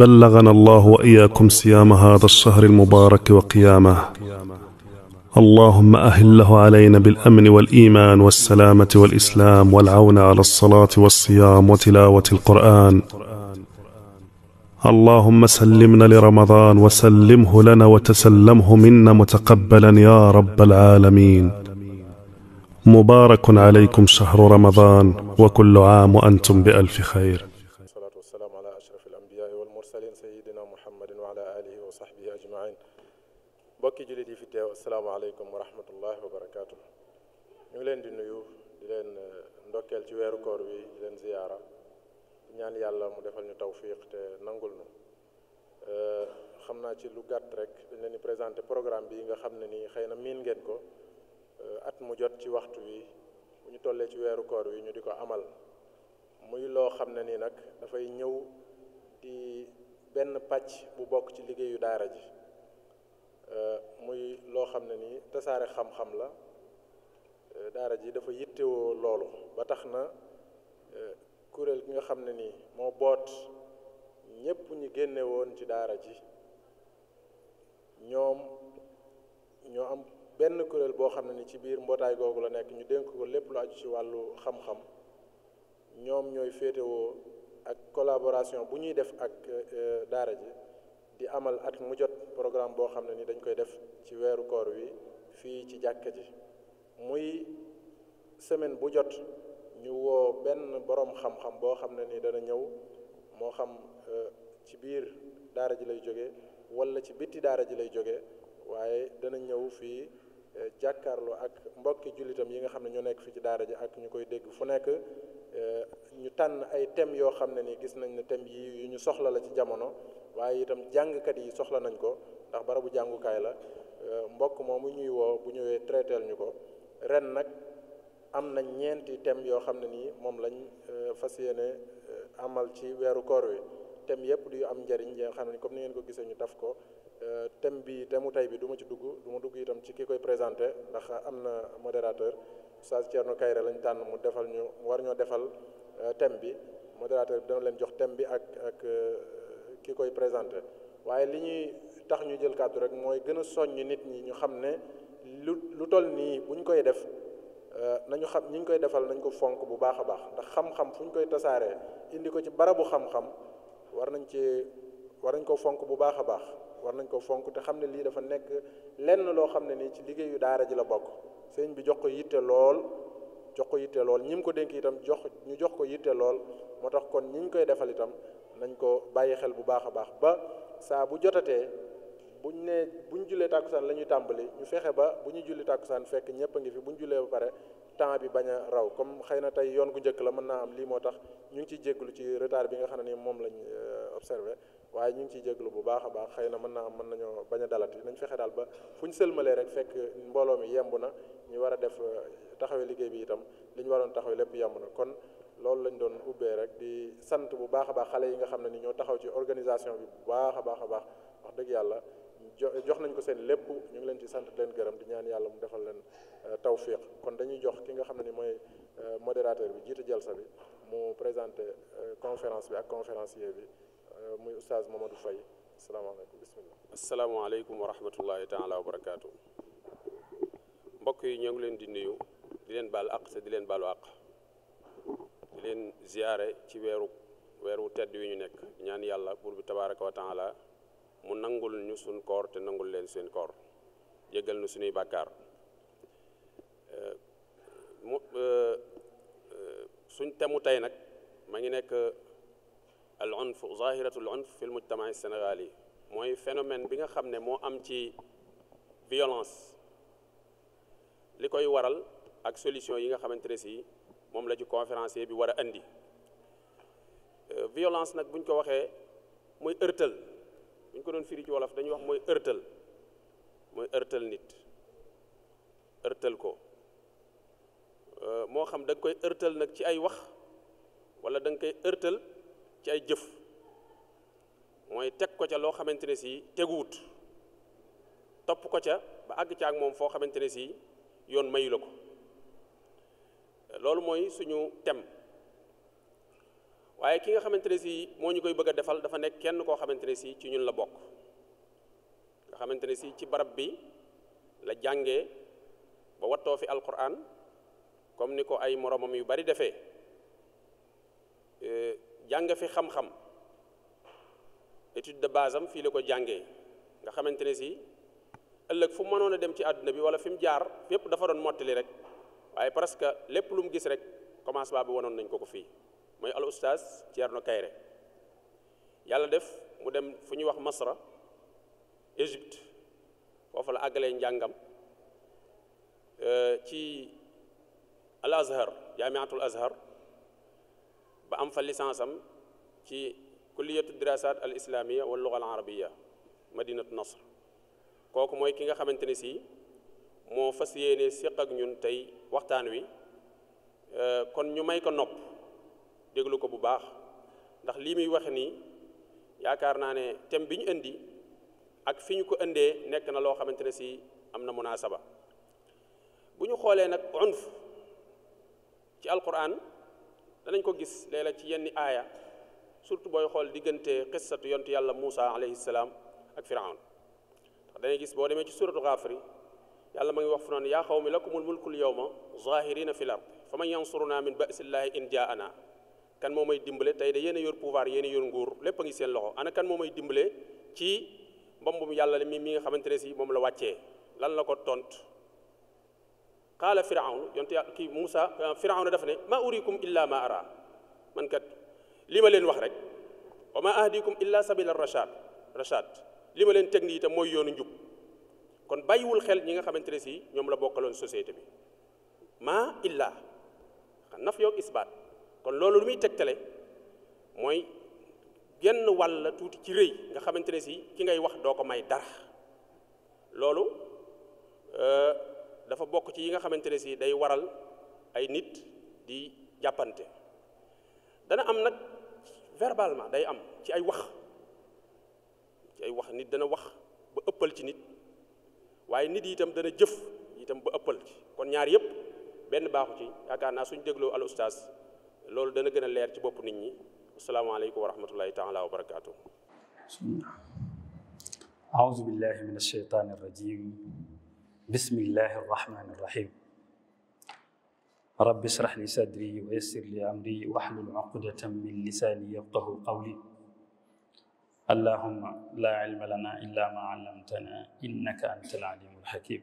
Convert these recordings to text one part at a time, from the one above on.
بلغنا الله واياكم صيام هذا الشهر المبارك وقيامه اللهم اهله علينا بالامن والايمان والسلامه والاسلام والعون على الصلاه والصيام وتلاوه القران اللهم سلمنا لرمضان وسلمه لنا وتسلمه منا متقبلا يا رب العالمين مبارك عليكم شهر رمضان وكل عام وانتم بالف خير ndokkeel ci weeru koor bi di leen ziyaara ñaan yàlla mu defal ñu tawfiq te nangul nu eh, xam naa ci lu gàtt rek dañ leen di présenter programme bi nga xam ne nii xëy na miin ngeen ko eh, at mu jot ci waxtu wi bu ñu tollee ci weeru koor wi ñu di ko amal muy loo xam ne nii nag dafay ñëw di benn pàcc bu bokk ci liggéeyu daara ji eh, muy loo xam ne nii tasaare xam-xam la Euh, daara ji dafa yittewoo loolu ba tax na euh, kuréel gi nga xam ne nii moo boot ñépp ñu génne woon ci daara ji ñoom ñoo am benn kuréel boo xam ne ni ci biir mbootaay googu la nekk ñu dénk ko lépp lu aju ci wàllu xam-xam ñoom ñooy féetewoo ak collaboration bu ñuy def ak euh, daara ji di amal at mu jot programme boo xam ne ni dañ koy def ci weeru koor wi fii ci jàkka ji muy semaine bu jot ñu woo benn borom xam-xam boo xam ne ni dana ñëw moo xam euh, ci biir daara ji lay jóge wala ci biti daara ji lay jóge waaye dana ñëw fii euh, jàkkaarloo ak mbokki jullitam yi nga xam ne ñoo nekk fii ci daara ji ak ñu koy dégg fu nekk euh, ñu tànn ay thèmes yoo xam ne ni gis nañ ne thèmes yi yu ñu soxla la ci jamono waaye itam jàngkat yi soxla nañ ko ndax barabu jàngukaay la mbokk moomu ñuy woo bu ñëwee traiteel ñu ko ren nag am na ñeenti thèmes yoo xam ne nii moom lañ euh, fas yéene euh, amal ci weeru koor wi thème yëpp du am njëriñ yi nga xam ne comme ni ngeen ko gisee ñu taf ko euh, thème bi thème mu bi duma ci dugg du ma dugg itam ci ki koy présenté ndax am na modérateur Oustaz Thierno Kayre lañ tànn mu defal ñu war ñoo defal thème bi modérateur bi dana leen jox thème bi ak ak ki koy présenté waaye li ñuy tax ñu jël kàddu rek mooy gën a soññ nit ñi ñu xam ne lu toll nii bu ñu koy def euh, nañu xam ñi koy defal nañ ko fonk bu baax a baax ndax xam-xam fu ñu koy tasaaree indi ko ci barabu xam-xam war nañ ci war nañ ko fonk bu baax a baax war nañ ko fonk te xam ne lii dafa nekk lenn loo xam ne nii ci liggéeyu daara ji la bokk sëñ bi jox ko yitte lool jox ko yitte lool ñi ko dénk itam jox ñu jox ko yitte lool moo tax kon ñi ñu koy defal itam nañ ko bàyyi xel bu baax a baax ba saa bu jotatee bu ñu nee bu buñ jullee tàkkusaan la ñuy tàmbali ñu fexe ba bu ñu julli tàkkusaan fekk ñëpp a ngi fi buñ jullee ba pare temps bi bañ a raw comme xëy na tey yoon gu njëkk la mën naa am lii moo tax ñu ngi ciy jégalu ci retard bi nga xam ne ni moom lañ euh, observé waaye ñu ngi ciy jégalu bu baax a baax xëy na mën naa am mën nañoo bañ a nañ fexe daal ba fu ñu rek fekk mbooloo mi yemb na ñu war a def euh, taxawee liggéey bi itam li ñu waroon taxaw lépp yemb na kon loolu lañu doon ubbee rek di sant bu baax a baax xale yi nga xam ne ni ñoo taxaw ci organisation bi bu baax a baax a baax wax dëgg yàlla jox nañ ko seen lépp ñu ngi leen ci sant leen gërëm di ñaan yàlla mu defal leen euh, tawfiq kon dañuy jox ki nga xam ne ni mooy euh, modérateur bi jiite jalsa bi mu présenté euh, conférence bi ak conférencier bi muy oustaz Mamadou Faye asalaamaaleykum bismillah asalaamaaleykum wa rahmatullahi taala wa barakaatu mbokk yi ñoo ngi leen di nuyu di leen baal àq te di leen baalu àq di leen ziyaare ci weeru weer wu tedd wi ñu nekk ñaan yàlla buur bi tabaraka wa taala mu nangul ñu suñ koor te nangul leen seen koor jéggal nu suñuy bàkkaar eh, mu eh, suñ temu tey nag ma ngi nekk al unf zahiratul unf fi l mujtama yi mooy phénomène bi nga xam ne moo am ci violence li koy waral ak solution yi nga xamante ne si moom la ci conférencier bi war a indi eh, violence nag buñ ko waxee muy ërtal bu ñu ko doon firi ci wolof dañuy wax mooy ërtal mooy ërtal nit ërtal ko euh, moo xam danga koy ërtal nag ci ay wax wala danga koy ërtal ci ay jëf mooy teg ko ca loo xamante ne sii teguwut topp ko ca ba àgg ca ak moom foo xamante ne sii yoon mayu ko euh, loolu mooy suñu tem waaye ki nga xamante ne si moo ñu koy bëgg a defal dafa nekk kenn koo xamante ne si ci ñun la bokk nga xamante ne si ci barab bi la jànge ba wattoo fi alquran comme ni ko ay moromam yu bari defee eh, jàng fi xam-xam étude de base am fii la ko jàngee nga xamante ne si ëllëg fu mënoon a dem ci àdduna bi wala fi mu jaar fépp dafa doon mottali rek waaye parce que lépp lu mu gis rek commencement bi wanoon nañ ko ko fii mooy al oustaz Thierno Kayre yàlla def mu dem fu ñuy wax Masra Égypte foofu la àggalee njàngam euh, ci al azhar jaamiatul azhar ba am fa licence am ci kulliyatu dirasat al islamia wal luga al arabia madinatu nasr kooku mooy ki nga xamante ne si moo fas yéene séq ak ñun tey waxtaan wi euh, kon ñu may ko nopp déglu ko bu baax ndax lii muy waxe nii yaakaar naa ne thème bi ñu indi ak fi ñu ko indee nekk na loo xamante ne si am na munaasaba bu ñu xoolee nag unf ci alquran danañ ko gis léeg-léeg ci yenn aaya surtout booy xool diggante xissatu yontu yàlla Muusa alayhi salaam ak firawn ndax gis boo demee ci suratu Gaafiri yàlla ma ngi wax fu naan yaa xawmi lakumul mulkul yawma zahirina fil ard fa man yansuruna min ba'sillahi in jaa'ana kan moo may dimbale tey de yéen a yor pouvoir yéen a yor nguur lépp ngi seen loxo ana kan moo may dimbale ci mbombum yàlla mi mi nga xamante ne si moom la wàccee lan la ko tont qaala firawn yonte kii Moussa ah, firawn dafa ne ma urikum illa li ma leen wax rek wa ma ahdikum illa sabila rachad rachad li ma leen teg nii itam mooy yoonu njub kon bàyyiwul xel ñi nga xamante ne si ñoom la bokkaloon société bi ma illa naf yoog isbaat kon loolu lu muy tegtale mooy genn wàll tuuti ci rëy nga xamante ne si ki ngay wax doo ko may dara loolu euh, dafa bokk ci yi nga xamante ne si day waral ay nit di jàppante dana am nag verbalement day am ci ay wax ci ay wax nit dana wax ba ëppal ci nit waaye nit itam dana jëf itam ba ëppal ci kon ñaar yépp benn baaxu ci yaakaar naa suñ dégloo al ustaas loolu dana gën a leer ci bopp nit ñi asalaamaaleykum wa rahmatullahi taala wa barakaatu. أعوذ بالله من الشيطان الرجيم بسم الله الرحمن الرحيم رب اشرح لي صدري ويسر لي أمري واحلل عقدة من لساني يفقه قولي اللهم لا علم لنا إلا ما علمتنا إنك أنت العليم الحكيم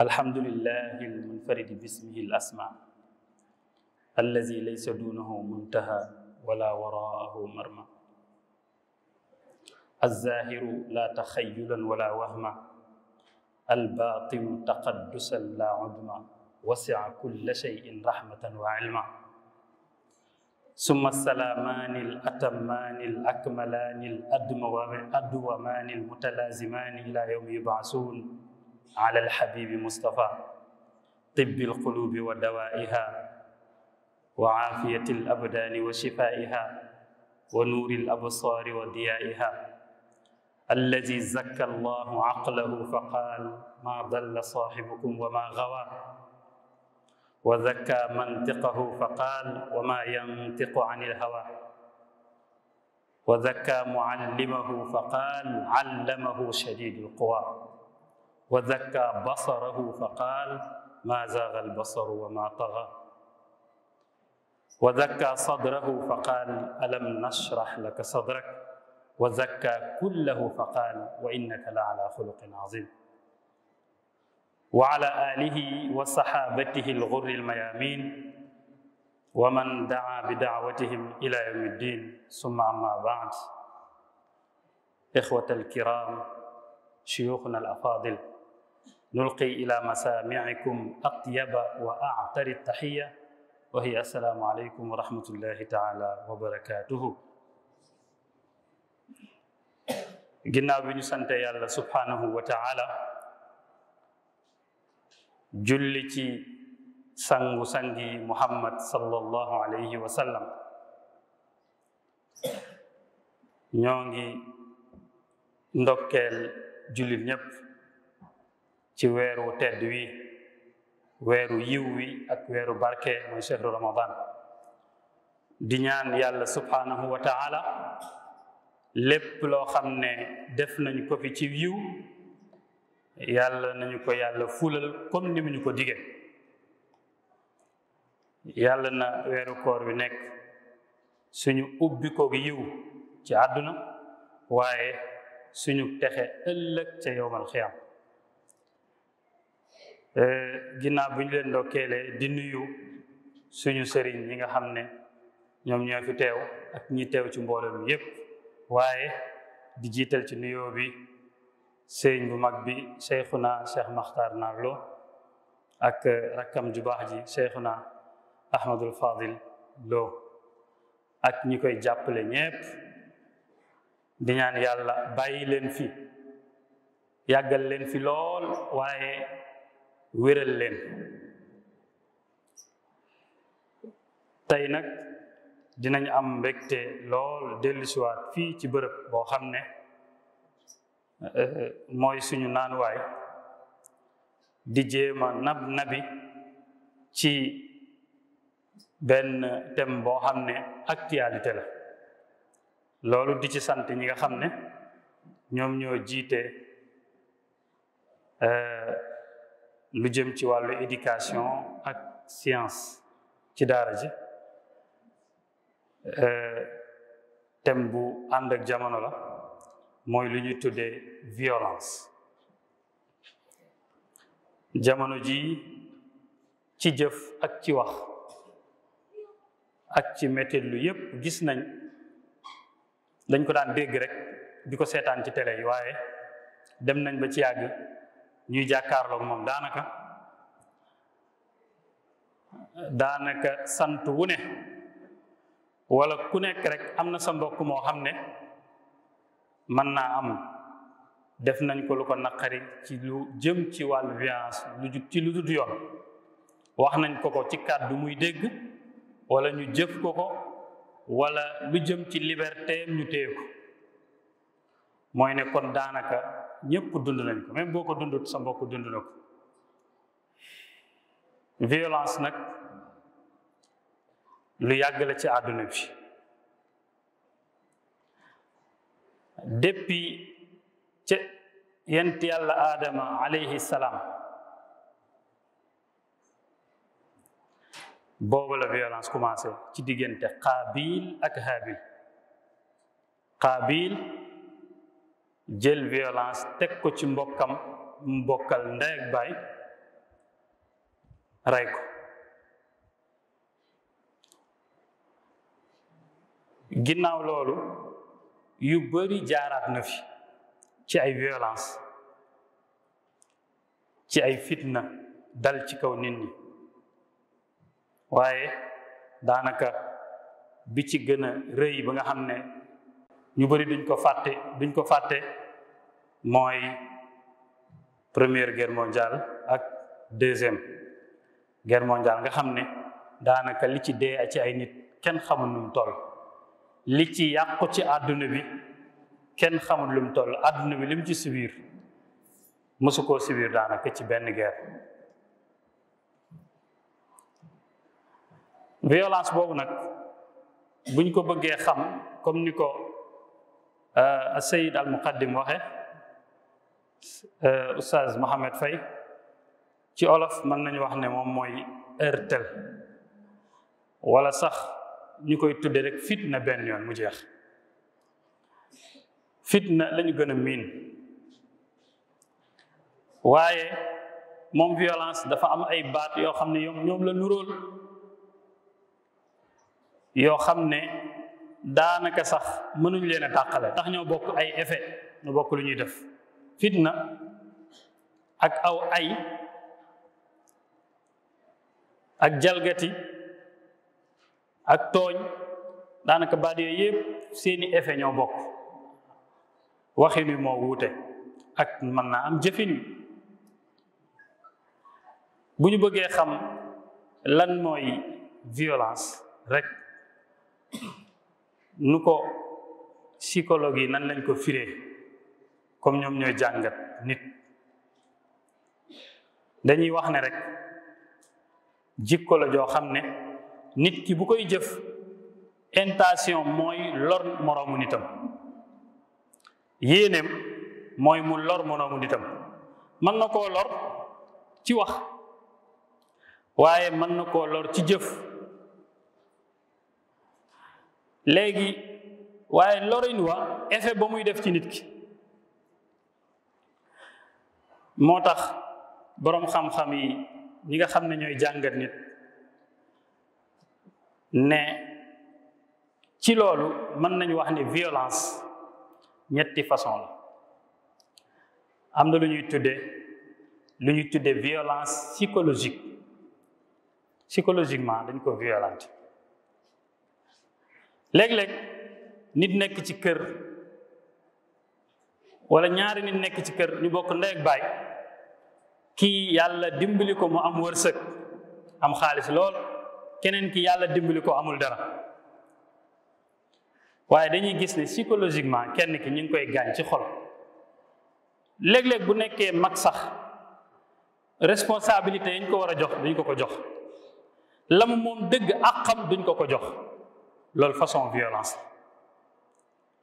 الحمد لله المنفرد باسمه الأسماء allazi laysa duunahu muntaha wala waraahu marma alzahiru la taxayulan wala wahma albatinu taqaddusan la udma wasia kulla cheyin rahmatan wa ilma summa salaamaani al atammaani al akmalaani al adwamaani al mutalazimaani ila yawmi yubaasuun ala alxabibi mustapha tibbi alqulubi wa dawaiha wa caafiyati alabdaani wa shifaa'iha wa nuuri alabsaari wa diyaa'iha alladi zakka allahu caqlahu fa qaal maa dalla saaxibukum wa maa gawaa wa zakka mantiqahu fa qaal wa maa yantiqu can ilhawa wa zakka mucallimahu fa qaal callamahu shadiidu lquwaa wa zakka basarahu fa qaal maa zaaga albasaru wa maa tagaa wa zakka sadrahu fa qaal alam nashrah laka sadrak wa zakka kullahu fa qaal wa innaka la ala xuluqin azim wa ala alihi wa sahabatihi alghurri almayamin wa man daa bi daawatihim ila yawmi ddin summa amma baad ixwata alkiram shuyukhuna alafadil nulqi ila masami'ikum atyaba wa a'tari tahiya wa hiya assalaamu aleykum taala wa barakaatuhu ginnaaw bi ñu sante yàlla subhaanahu wa taala julli ci sangu-sangi muhammad sallallahu alayhi wa ñoo ngi ndokkeel jullit ñépp ci weeru tedd wi weeru yiw wi ak weeru barke mooy chehru ramadan di ñaan yàlla subhanahu wa taala lépp loo xam ne def nañu ko fi ci yiw yàlla nañu ko yàlla fulal comme ni ñu ko dige yàlla na weeru koor bi nekk suñu ubbi ko yiw ci àdduna waaye suñu texe ëllëg ca yowmal xiyaam Eh, ginnaaw bu ñu leen ndokkeelee di nuyu suñu sëriñ ñi nga xam ne ñoom ñoo fi teew ak ñi teew ci mbooloo mi yépp waaye di jiital ci nuyoo bi sëriñ bu mag bi Cheikhuna maxtar Makhtar Nallo ak rakkam ju baax ji Cheikhuna Ahmadul Fadil Lo ak ñi koy jàppale ñépp di ñaan yàlla bàyyi leen fi yàggal leen fi lool waaye wéral leen tey nag dinañ am mbégte lool dellusiwaat fii ci bërëb boo xam ne eh, mooy suñu waay di jéema nab nabi ci benn thème boo xam ne actualité la loolu di ci sant ñi nga xam ne ñoom ñoo jiite eh, lu jëm ci wàllu éducation ak science ci daara ji euh, thème bu ànd ak jamono la mooy lu ñuy tuddee violence jamono ji ci jëf ak ci wax ak ci métit lu yépp gis nañ dañ ko daan dégg rek di ko seetaan ci télé yi waaye dem nañ ba ci yàgg ñuy jàkkaarloog moom daanaka daanaka sant wu ne wala ku nekk rek am na sa mbokk moo xam ne mën naa am def nañ ko lu ko naqarit ci lu jëm ci wàllu violence lu ju ci lu dut yoon wax nañ ko ko ci kàddu muy dégg walla ñu jëf ko ko wala lu jëm ci liberté ñu téye ko mooy ne kon daanaka ñëpp dund nañ ko boo ko dundut sa mbokk dund na violence nag lu yàgg la ci àdduna bi depuis ca yent yàlla aadama alayhi salaam boobu la violence commencé ci diggante qaabil ak haabil qaabil jël violence teg ko ci mbokkam mbokkal ndey ak baay rey ko ginnaaw loolu yu bari jaaraat na fi ci ay violence ci ay fitna dal ci kaw nit ñi waaye daanaka bi ci gëna a rëy ba nga xam ne ñu bari duñ ko fàtte duñ ko fàtte mooy première guerre ak deuxième guerre nga xam ne daanaka li ci dee ci ay nit kenn xamul lu mu toll li ci yàqu ci àdduna bi kenn xamul lum toll àdduna bi li mu ci subir mësu koo subir daanaka ci benn guerre violence boobu nag buñ ko bëggee xam comme ni ko a sayid al muqaddim waxe oustaz Mohamed Faye ci olof mën nañu wax ne moom mooy ërtel wala sax ñu koy tudde rek fitna benn yoon mu jeex fitna lañu gën a miin waaye moom violence dafa am ay baat yoo xam ne ñoom la nuróol yoo xam ne daanaka sax mënuñ leen a tàqale ndax ñoo bokk ay effet ñu bokk lu ñuy def fitna ak aw ay ak jalgati ak tooñ daanaka baat yooyu yëpp seeni effet ñoo bokk waxin wi moo wuute ak mën naa am jëfin bu ñu bëggee xam lan mooy violence rek nu ko psychologue yi nan lañ ko fire comme ñoom ñooy jàngat nit dañuy wax ne rek jikko joo xam ne nit ki bu koy jëf intasion mooy lor moroomu nitam yéeneem mooy mu lor moroomu nitam mën na koo lor ci wax waaye mën na koo lor ci jëf léegi waaye lorin wa effet ba muy def ci nit ki moo tax boroom xam-xam yi ñi nga xam ne ñooy jàngat nit ne ci loolu mën nañu wax ni violence ñetti façon la am na lu ñuy tudde lu ñuy tudde violence psychologique psychologiquement dañ ko violente léeg-léeg nit nekk ci kër wala ñaari nit nekk ci kër ñu bokk ndey ak baay kii yàlla dimbali ko mu am wërsëg am xaalis lool keneen ki yàlla dimbali ko amul dara waaye dañuy gis ne psychologiquement kenn ki ñu ngi koy gaañ ci xol léeg-léeg bu nekkee mag sax responsabilité yi ñu ko war a jox duñ ko ko jox la moom dëgg àqam duñ ko ko jox loolu façon violence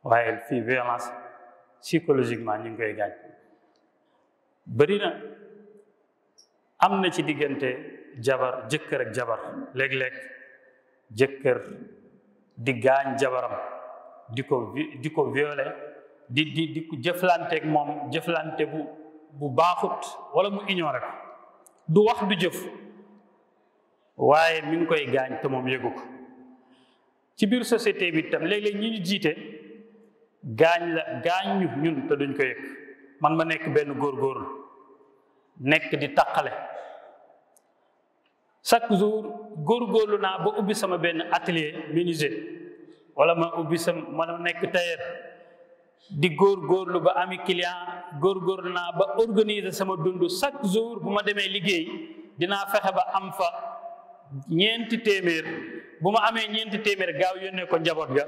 waaye fi violence psychologiquement ñu ngi koy gaañ bëri na am na ci diggante jabar jëkkër ak jabar léeg-léeg jëkkër di gaañ jabaram di ko di ko violé di di di jëflanteeg moom jëflante bu baaxut wala mu ignoré ko du wax du jëf waaye mu ngi koy gaañ te moom yëgu ci biir société bi itam léeg-léeg ñi ñu jiite gaañ la gaañ ñu ñun te duñ ko yëg man ma nekk benn góor góorgóorlu nekk di taqale chaque jour góor góorlu naa ba ubbi sama benn atelier menuisier wala ma ubbi sama ma nekk tailleur di góor góorlu ba ami góor góorlu naa ba organiser sama dund chaque jour bu ma demee liggéey dinaa fexe ba am fa ñeenti téeméer bu ma amee ñeenti téeméer gaaw yónnee ko njaboot ga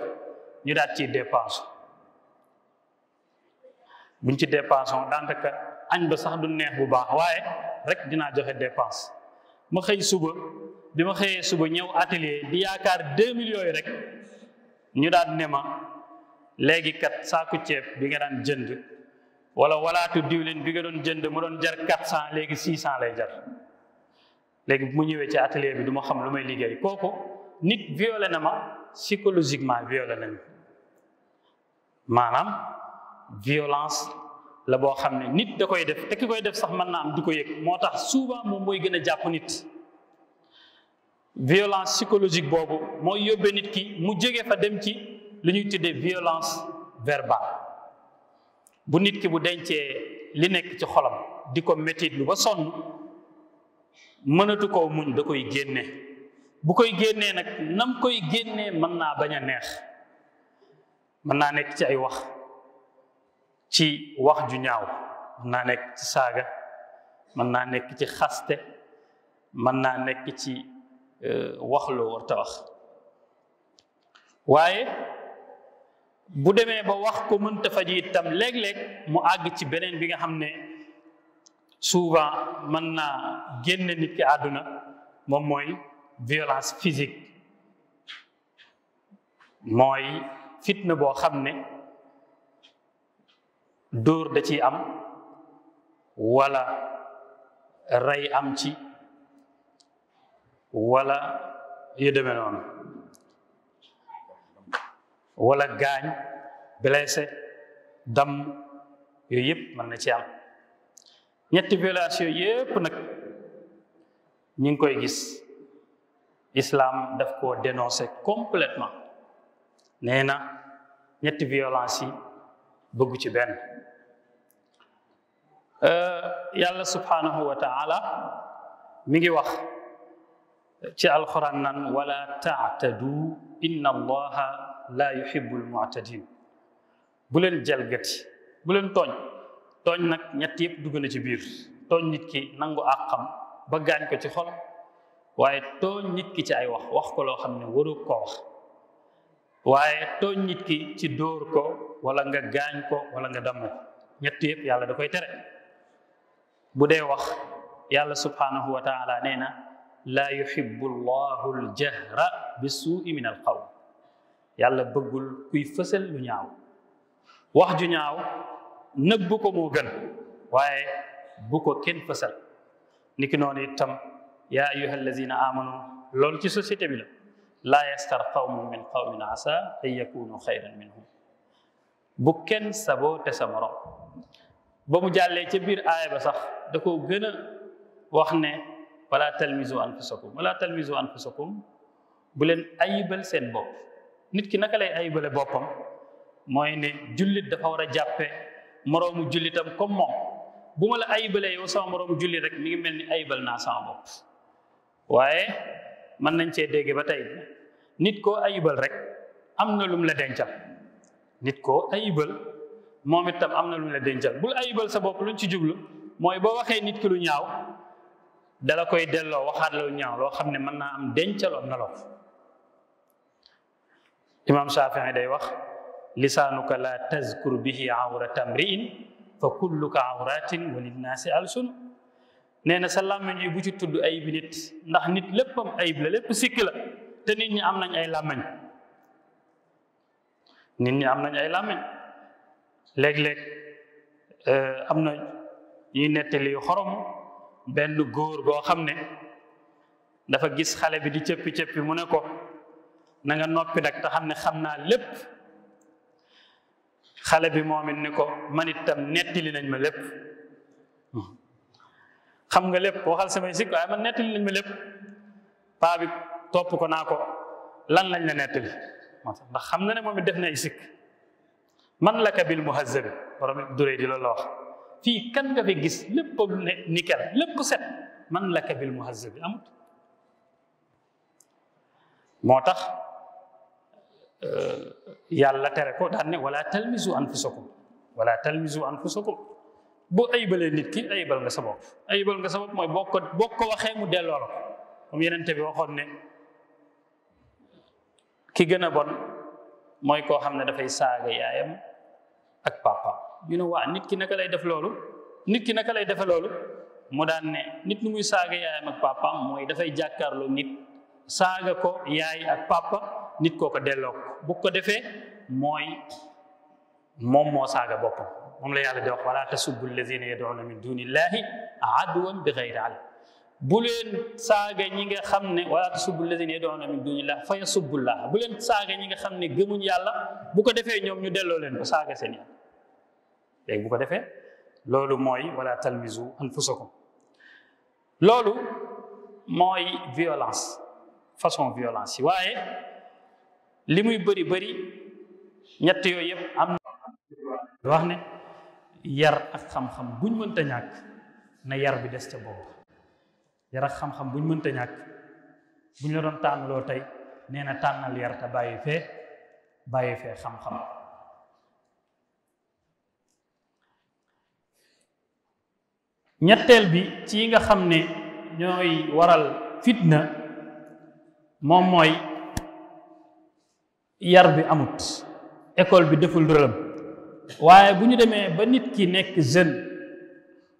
ñu daat ciy dépense buñ ci dépense on daanaka añ ba sax du neex bu baax waaye rek dinaa joxe dépense ma xëy suba bi ma xëyee suba ñëw atelier di yaakaar deux millions yi rek ñu daat ne ma léegi kat saaku ceeb bi nga daan jënd wala walaatu diwlin bi nga doon jënd mu doon jar quatre cent léegi six cent lay jar léegi mu ñëwee ci atelier bi du ma xam lu may liggéey kooku nit violé na ma psychologiquement violé na ma maanaam violence la boo xam ne nit da koy def te ki koy def sax man naa am du ko yëg moo tax souvent moom mooy gën a jàpp nit violence psychologique boobu mooy yóbbee nit ki mu jóge fa dem ci lu ñuy tuddee violence verbale bu nit ki bu dencee li nekk ci xolam di ko métit lu ba sonn mënatu koo muñ da koy génne bu koy génnee nag nam koy génnee mën naa bañ a neex mën naa nekk ci ay wax ci wax ju ñaaw mën naa nekk ci saaga mën naa nekk ci xaste mën naa nekk ci euh, wax loo war wax waaye bu demee ba wax ko mënta faj itam léeg-léeg mu àgg ci beneen bi nga xam ne souvent mën naa génne nit ki àdduna moom mooy violence physique mooy fitna boo xam ne dóor da ci am walla rey am ci wala yu demee noonu wala gaañ blessé dam yooyu yëpp mën na ci am ñetti violation yooyu yépp nag ñu ngi koy gis islam def ko dénoncer complètement nee na ñetti violence bëggu ci benn euh, yàlla subhanahu wa taala mi ngi wax ci alquran nan wala taatadu inna allaha la yuhibbu almu'tadin bu leen jalgati bu tooñ tooñ nag ñett yëpp dugg na ci biir tooñ nit ki nangu àqam ba gaañ ko ci xol waaye tooñ nit ki ci ay wax wax ko loo xam ne waru ko wax waaye tooñ nit ki ci dóor ko wala nga gaañ ko wala nga damm ko ñett yëpp yàlla da koy tere bu dee wax yàlla subhanahu wa taala nee na laa yuhibbu llahu aljahra bi suui min al qawl yàlla bëggul kuy fësal lu ñaaw wax ju ñaaw nëbb ko moo gën waaye bu ko kenn fësal niki noonu itam yaa ayuha allazina amanu loolu ci société bi la laa yastar qawmun min qawmin asa an yakunu xayran minhum bu kenn saboote sa morom ba mu jàllee ca biir aaya ba sax da koo gën a wax ne wala talmizu anfusakum wala talmizu anfusakum bu ay ayibal seen bopp nit ki naka lay ayibale boppam mooy ne jullit dafa war a jàppe moroomu jullitam comme moom bu ma la ayibalee yow sama moroomu jullit rek mu ngi mel ni ayibal naa sama bopp waaye mën nañ cee dégg ba tey nit koo ayibal rek am na lum la dencal nit koo ayibal moom itam am na lum la dencal bul ayibal sa bopp luñ ci jublu mooy boo waxee nit ki lu ñaaw dala koy delloo waxaat la lu ñaaw loo xam ne mën naa am dencaloon na loo imaam Shaafi'i day wax lisaanuka laa tazkur bihi awrata mri'in fa kulluka awratin wa linnaasi alsunu nee na sa làmmiñ bu ci tudd ayib nit ndax nit léppam ayib la lépp sikk la te nit ñi am nañ ay làmmiñ nit ñi am nañ ay làmmiñ léeg-léeg am na ñuy nettali xorom benn góor boo xam ne dafa gis xale bi di cëpp cëppi mu ne ko na nga noppi nag te xam ne xam naa lépp xale bi moom ni ko man itam nettali nañ ma lépp xam nga lépp waxal samay sikk waaye man nettali nañ ma lépp paa topp ko naa ko lan lañ la nettali ndax xam na ne moom it def na ay sikk man la kabil muhazzabi borom durée di la wax fii kan gis lépp man la kabil muhazzabi amut moo tax yàlla tere ko daan ne wala talmizu anfusakum wala talmizu anfusakum boo ayibalee nit ki ayibal nga sa bopp ayibal nga sa bopp mooy boo ko waxee mu delloo la ko waxoon ne gën a bon mooy koo xam ne dafay saaga yaayam ak papa ñu ne waa nit ki naka lay def loolu nit ki naka lay defe loolu mu daan ne nit nu muy saaga yaayam ak papaam mooy dafay jàkkaarloo nit saaga ko yaay ak papa nit koo ko delloo bu ko defee mooy moom moo saaga boppam moom la yàlla di wax wala tasubbu alladina yad'una min dunillahi adwan bi xayri ilm bu leen saaga ñi nga xam ne wala tasubbu alladina yad'una min dunillahi fa yasubbullah bu leen saaga ñi nga xam ne gëmuñ yàlla bu ko defee ñoom ñu delloo leen ko saaga seen léegi bu ko defee loolu mooy wala talmizu anfusakum loolu mooy violence façon violence waaye li muy bari bari ñett yooyu yëpp am na wax ne yar ak xam-xam buñ mënta ñàkk na yar bi des ca boobu yar ak xam-xam buñ mënta ñàkk ñu la doon tànnaloo tey nee na tànnal yar te bàyyi fee bàyyi fee xam-xam ñetteel bi ci nga xam ne ñooy waral fitna moom mooy yar bi amut école bi deful rëlam waaye bu ñu demee ba nit ki nekk jeune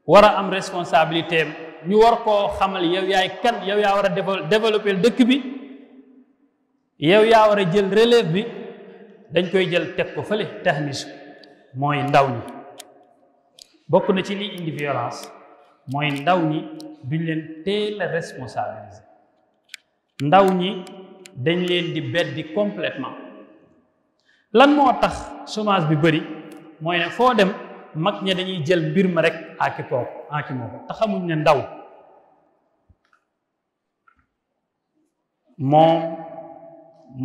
war a am responsabilité ñu war koo xamal yow yaay kan yow yaa war a développer dëkk bi yow yaa war a jël relève bi dañ koy jël teg ko fële tahmis mooy ndaw ñi bokk na ci liy indi violence mooy ndaw ñi duñ leen teel a responsabiliser ndaw ñi dañ leen di beddi completement lan moo tax chômage bi bari mooy ne foo dem mag ña dañuy jël mbir ma rek aki pook aki ne ndaw moom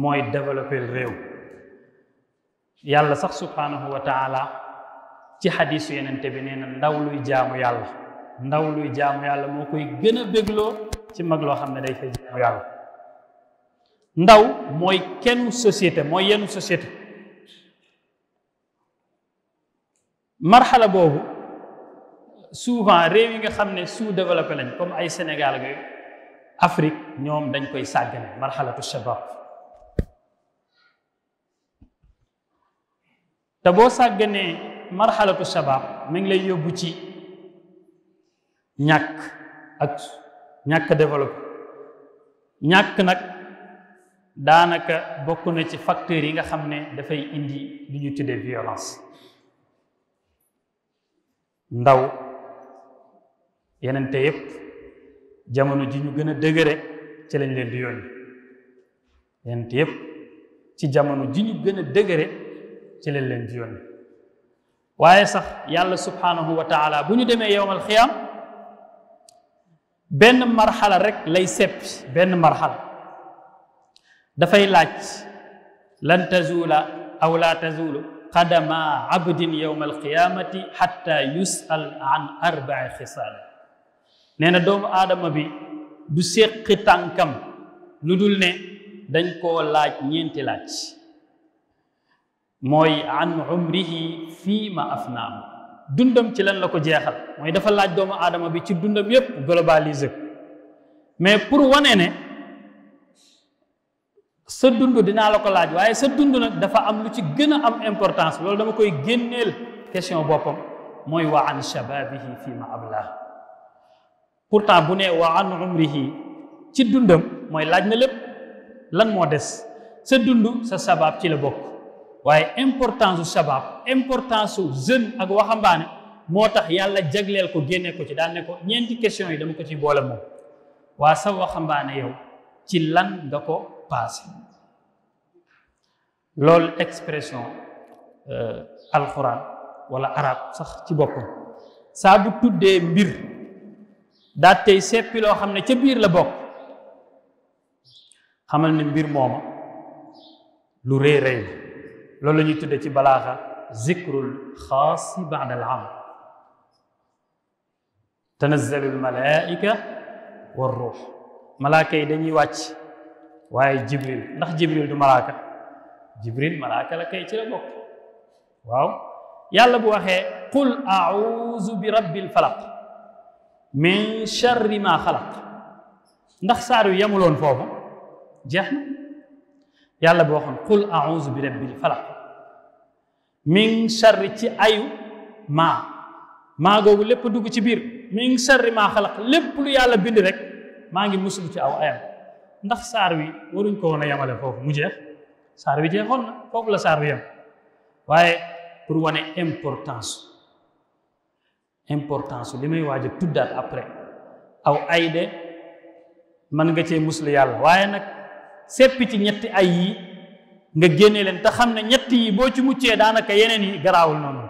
mooy développer réew yàlla sax subhanahu wa ci xadisu yenente bi nee na ndaw luy jaamu yàlla ndaw luy jaamu yàlla moo koy gën a bégloo ci mag loo xam ne day fay jaamu yàlla ndaw mooy kenn société mooy yenn société marxala boobu souvent réew yi nga xam ne sous-développé lañ comme ay Sénégal ak Afrique ñoom dañ koy sàggane marxalatu shabab te boo sàgganee marxalatu shabab mi ngi lay yóbbu ci ñàkk ak ñàkk développé ñàkk nag daanaka bokk na ci facteurs yi nga xam ne dafay indi li ñu tuddee violence ndaw yenente yëpp jamono ji ñu gën a dëgëre ci lañ leen di yónni yenente yëpp ci jamono ji ñu gën a dëgëre ci lañ leen di waaye sax yàlla subhanahu wa taala bu ñu demee yowmal xiyaam benn marxala rekk lay seppi benn marxala dafay laaj lan tazuula aw laa tazuulu qadama abdin yowma alqiyamati hatta yusal an arbai xisaal nee na doomu aadama bi du séqi tànkam lu dul ne dañ koo laaj ñeenti laaj mooy an umrihi fii ma afnaahu dundam ci lan la ko jeexal mooy dafa laaj doomu aadama bi ci dundam yépp globalisé ko mais pour wane ne sa dund dinaa la ko laaj waaye sa dund nag dafa am lu ci gën a am importance loolu dama koy génneel question boppam mooy wa an shababihi fi ma ablah pourtant bu ne wa an umrihi ci dundam mooy laaj na lépp lan moo des sa dund sa sabab ci la bokk waaye importance su sabab importance su jeune ak waxambaane moo tax yàlla jagleel ko génnee ko ci daal ne ko ñeenti question yi dama ko ci boole moom waa sa waxambaane yow ci lan nga ko passé loolu expression euh, alxuraan wala arab sax ci boppam saa bu tuddee mbir daa tey seppi loo xam ne ca biir la bokk xamal na mbir mooma lu rëy rëy loolu la ñuy tuddee ci balaaxa zikrul xaasi baada al am tanazzalu al war ruux malaaka yi dañuy wàcc waaye jibril ndax jibril du malaaka jibril malaaka la kay ci la bokk waaw yàlla bu waxee qul auzu bi rabbil falaq min charri ma xalaq ndax saar yu yemuloon foofu jeex na yàlla bu waxoon qul auzu bi rabbil falaq min charri ci ayu maa maa googu lépp dugg ci biir min charri ma xalaq lépp lu yàlla bind rek maa ngi musul ci aw ayam ndax saar wi waruñ ko woon a yamale foofu mu jeex saar wi jeexoon na foofu la saar wi yam waaye pour wone importance importance li may waaj a tuddaat après aw ay de mën nga cee musul yàlla waaye nag seppi ci ñetti ay yi nga génne leen te xam ne ñetti yi boo ci muccee daanaka yeneen yi garaawul noonu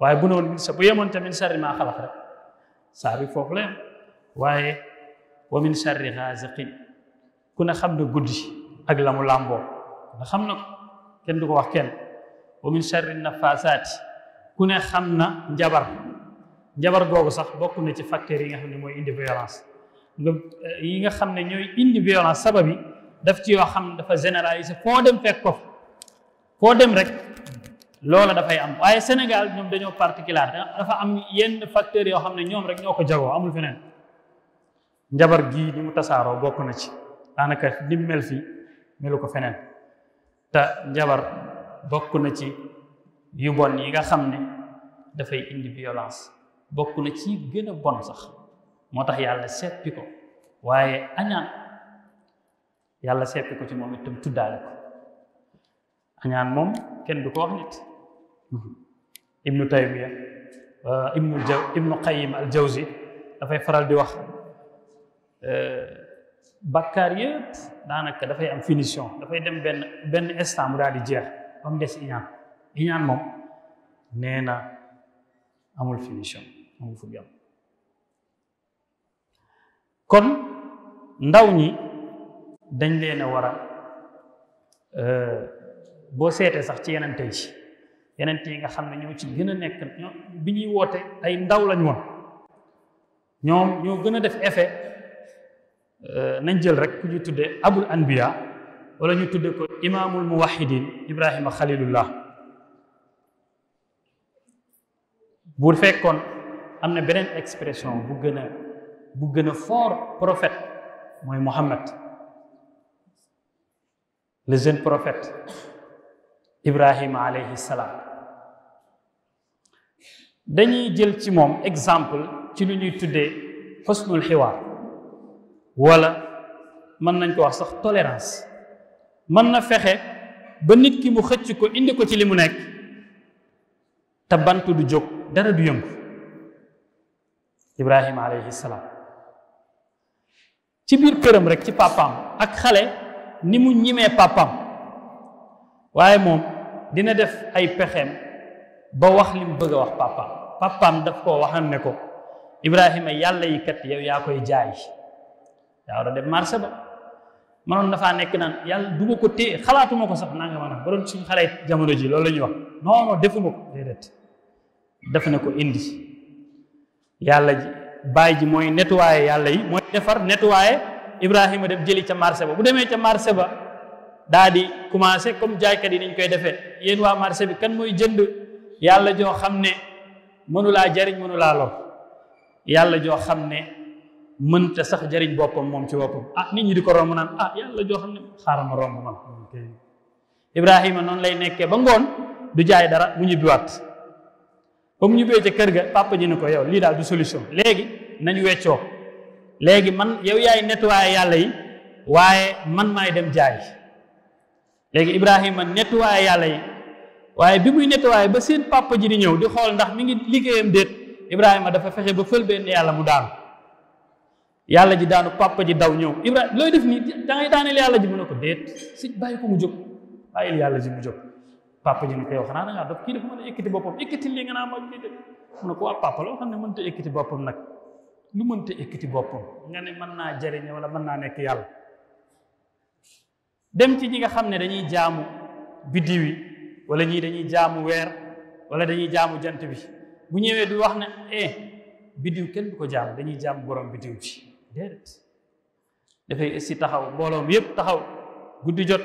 waaye bu noonu sa bu yemoon tamit sarri maa xalax rek saar foofu la yam waaye wa min sarri xaasiqin ku ne xam ne guddi ak la mu làmboo nga xam na ko kenn du ko wax kenn wa min sharri ku ne xam na njabar njabar googu sax bokk na ci facteurs yi nga xam ne mooy indi violence nga eh, xam ne ñooy indi violence sabab daf ci yoo xam ne dafa généraliser foo dem fekk ko foo dem rek loola dafay am waaye Sénégal ñoom dañoo particulier dafa am yenn facteurs yoo xam ne ñoom rek ñoo ko jagoo amul feneen njabar gii ni mu tasaaroo bokk na ci daanaka ni mel fii melu ko feneen te njabar bokk na ci yu bon yi nga xam ne dafay indi violence bokk na ci gën a bon sax moo tax yàlla seppi ko waaye añaan yàlla seppi ko ci moom itam tuddaale ko añaan moom kenn du ko wax nit ibnu taymiya euh, ibnu jaw ibnu qayyim al dafay faral di wax euh, bakkaar yëpp daanaka dafay am finition dafay dem benn benn instant di jeex ba mu des iñaan iñaan moom nee na amul finition amul fu kon ndaw ñi dañ leen a war a euh, boo seetee sax ci yeneen tey ci yeneen yi nga xam ne ñoo ci gën a nekk ñoo bi ñuy woote ay ndaw lañ woon ñoo gën a def effet Euh, nañ jël rek ku ñu tudde abul anbiya wala ñu tudde ko imaamul muwahidin ibrahima xalilullah bu fekkoon am na beneen expression bu gën a bu gën a fort prophète mooy Muhammad le jeune prophète ibrahima alayhi salaam dañuy jël ci moom exemple ci lu ñuy tuddee xusnul xiwaar wala mën nañ ko wax sax tolérance mën na fexe ba nit ki mu xëcc ko indi ko ci li mu nekk te bant du jóg dara du yëngu Ibrahima alayhi ci biir këram rekk ci papaam ak xale ni mu ñimee papaam waaye moom dina def ay pexeem ba wax li mu bëgg a wax papaam papaam daf koo waxam ne ko Ibrahima yàlla yi kat yow yaa koy jaay daa war a dem marché ba mënoon na faa nekk naan yàlla du ko téye xalaatuma ko sax naa nga maanaam ba doon suñ xale jamono ji loolu la ñuy wax non non defuma ko déedéet def na ko indi yàlla ji baay ji mooy nettoyé yàlla yi mooy defar nettoyé Ibrahima dem jëli ca marché ba bu demee ca marché ba daa di commencé comme jaaykat yi niñ koy defee yéen waa marché bi kan mooy jënd yàlla joo xam ne mënulaa jariñ mënulaa lor yàlla joo xam ne mënta sax jariñ boppam moom ci boppam ah nit ñi di ko romb naan ah yàlla joo xam ne xaaral ma romb man Ibrahima noonu lay nekkee ba ngoon du jaay dara mu ñibbiwaat ba mu ñibbee ca kër ga papa ji ne ko yow lii daal du solution léegi nañu weccoo léegi man yow yaay nettoyé yàlla yi waaye man maay dem jaay léegi Ibrahima nettoyé yàlla yi waaye bi muy nettoyé ba seen papa ji di ñëw di xool ndax mi ngi liggéeyam déet Ibrahima dafa fexe ba fël yàlla mu daanu. yàlla ji daanu papa ji daw ñëw looy def nii da ngay daaneel yàlla ji mu ne ko déet si bàyyi ko mu jóg bàyyil yàlla ji mu jóg papa ji boppam ekkiti lii nga naa ma lii ne ko waa papa loo xam ne mënta nag lu mënta ekkiti boppam ne mën naa jëriñ wala mën naa nekk yàlla dem ci ñi nga xam ne dañuy jaamu biddiw yi wala ñii dañuy jaamu weer wala dañuy jaamu jant bi bu ñëwee du wax ne eh biddiw kenn du ko jaamu dañuy jaamu borom biddiw bi déedéet si taxaw mbooloom yëpp taxaw guddi jot